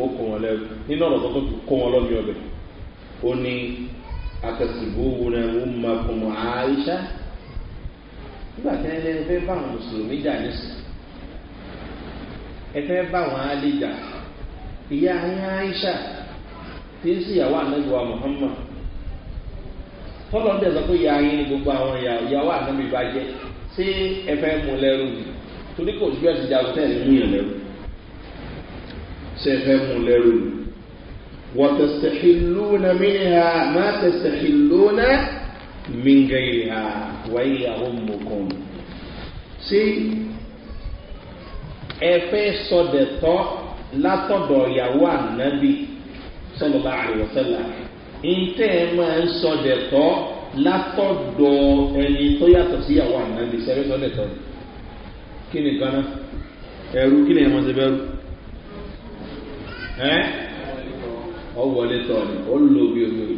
ó kó wọn lẹ́rú nínú ọ̀rọ̀ tó tó kó wọn lọ́mí ọbẹ̀ ó ní akẹ́sìbó wúnẹ̀ wọ́n máa kọ́ mọ́ àìṣá nígbà tí ẹ fẹ́ bá àwọn mùsùlùmí jà nísìn ẹ fẹ́ bá àwọn alẹ́ jà ìyá ayé aisha tí ń sì yàwó ànágbèwà muhammad tọ́lọ́ dẹ̀ ìyá ayé ni gbogbo àwọn ìyàwó ànágbè jẹ́ ṣé ẹ mú lẹ́rù ni torí kò sí ẹ̀sìn jáwé tẹ̀lé mú yàn lẹ́rù ṣé ẹ mú lẹ́rù ni wọ́n tẹ̀sẹ̀ ìlú na mí ha má tẹ̀sẹ̀ ìlú náà mingari ha wáyé ahomokun ṣé ẹ fẹ́ sọdẹ̀tọ́ látọ̀dọ̀ ìyàwó ànábì sọlọ́lá àríwọ̀sọ́lá ntẹ́ ẹ máa ń sọdẹ̀tọ́ látọ̀dọ̀ ẹni tó yàtọ̀ sí ìyàwó ànábì sẹ́fẹ́ sọdẹ̀tọ́ kí ni gánà ẹ̀rú kí ni ẹ̀ máa ṣe bẹ́rù ẹ́ ọ wọlé tọ̀ ni ó lò bí omi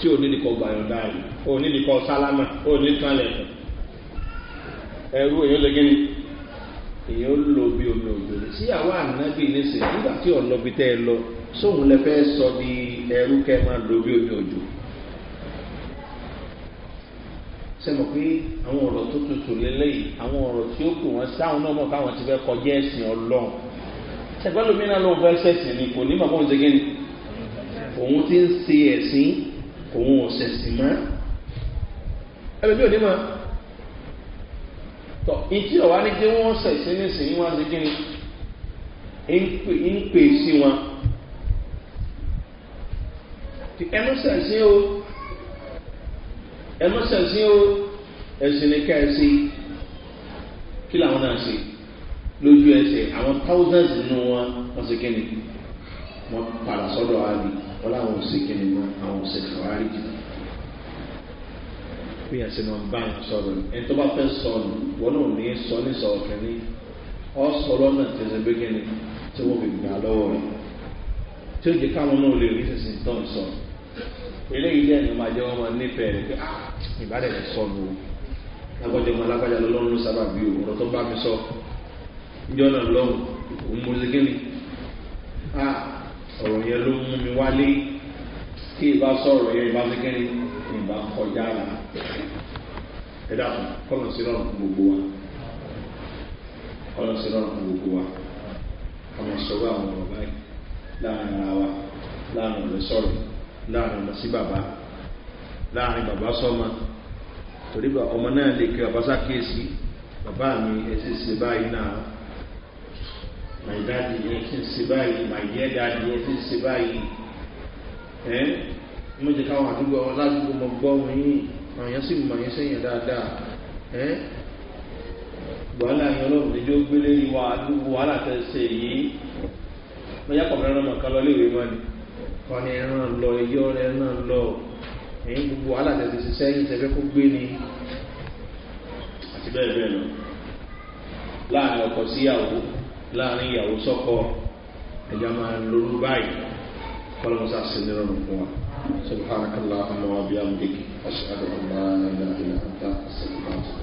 tí ò nídìí kọ gbàyọ̀dá rẹ̀ ò nídìí kọ sálámà o ní kánlẹ̀ èyàn lè gíní èyàn lò bí omi òjòlè sí àwọn ànábì nísìn nígbà tí ẹ lọ sóhun lẹ fẹ́ sọ di ẹ̀rú kẹ́ máa lò bí omi òjò pé àwọn ọ̀rọ̀ tó tutù lélẹ́yìí àwọn ọ̀rọ̀ tí ó kù wọ́n sáwọn náà mọ̀ káwọn ti fẹ́ kọjá ẹ̀sìn ọlọ́run lómìnira ló ń fẹ́ ni kò kò ń ọ̀sẹ̀ sí mọ́ ẹlòmí ò ní mọ́ tọ́ ìtí ọ̀wá ní pé wọ́n sẹ̀ sí nísìnyí wọ́n á ṣe kí ni ń pè sí wọn ẹnu sẹ̀sìn o ẹnu sẹ̀sìn o ẹ̀sìn ní kẹ́ẹ̀sì kí làwọn náà ṣe lójú ẹsẹ̀ àwọn thousands nínú wọn wọ́n ṣe kí ni wọ́n padà sọ́dọ̀ àlè wọn làwọn ò sí kíni mọ àwọn ò sí fàárì jìnnà bí ẹsẹ náà bá yẹn sọrọ ni ẹni tó bá fẹ sọnù wọn náà ní sọ ní sọrọ kìíní ọsọ lọnà tí ẹsẹ bí kíni tí wọn fi gbà lọwọ rẹ tí ó jẹ káwọn náà lè rí sísìn tán sọ eléyìí dẹ́ ni máa jẹ́ wọn máa nífẹ̀ẹ́ rẹ pé ah ìbádẹ́ ti sọnù o lágbájá ọmọ alágbájá lọ́lọ́run ló sábà bí òwúrọ̀ tó bá mi sọ níjọ́ náà lọ́hùn òun mo ṣe kíni ah. ọ̀rọ̀ yẹn ló mú mi wálé tí ìbá sọ̀rọ̀ yẹn ìbá sẹ́kẹ́rì ìbá kọjá là ẹ dàpọ̀ kọ́nà sí lọ́rùn gbogbo wa kọ́nà sí lọ́rùn gbogbo wa àwọn ìṣòro àwọn ọ̀rọ̀ báyìí láàrin ara wa láàrin ọ̀rẹ́ sọ̀rọ̀ láàrin ọ̀rẹ́ sí bàbá láàrin bàbá torí ọmọ náà lè kí bàbá mi ṣe báyìí náà. my daddy ẹsìn sí báyìí my dear daddy ẹsìn sí báyìí ẹ mo jẹ káwọn àdúgbò ládùúgbò yìí sì dáadáa ẹ ọlọ́run gbélé àdúgbò wàhálà yìí mo yà kọ̀ọ̀kan náà lọ mọ́ni wọn ni ẹran lọ ẹyọ ẹran lọ gbogbo wàhálà kó gbé ni àti bẹ́ẹ̀ bẹ́ẹ̀ lọ láàrin ọkọ̀ síyàwó. láàrin ìyàwó sọ́kọ ẹ̀yà máa lóru báyìí kọ́lọ́mùsà sí ní ọ̀rùn fún wa subhanahu wa ta'ala wa bihamdik ashhadu an la ilaha illa anta astaghfiruka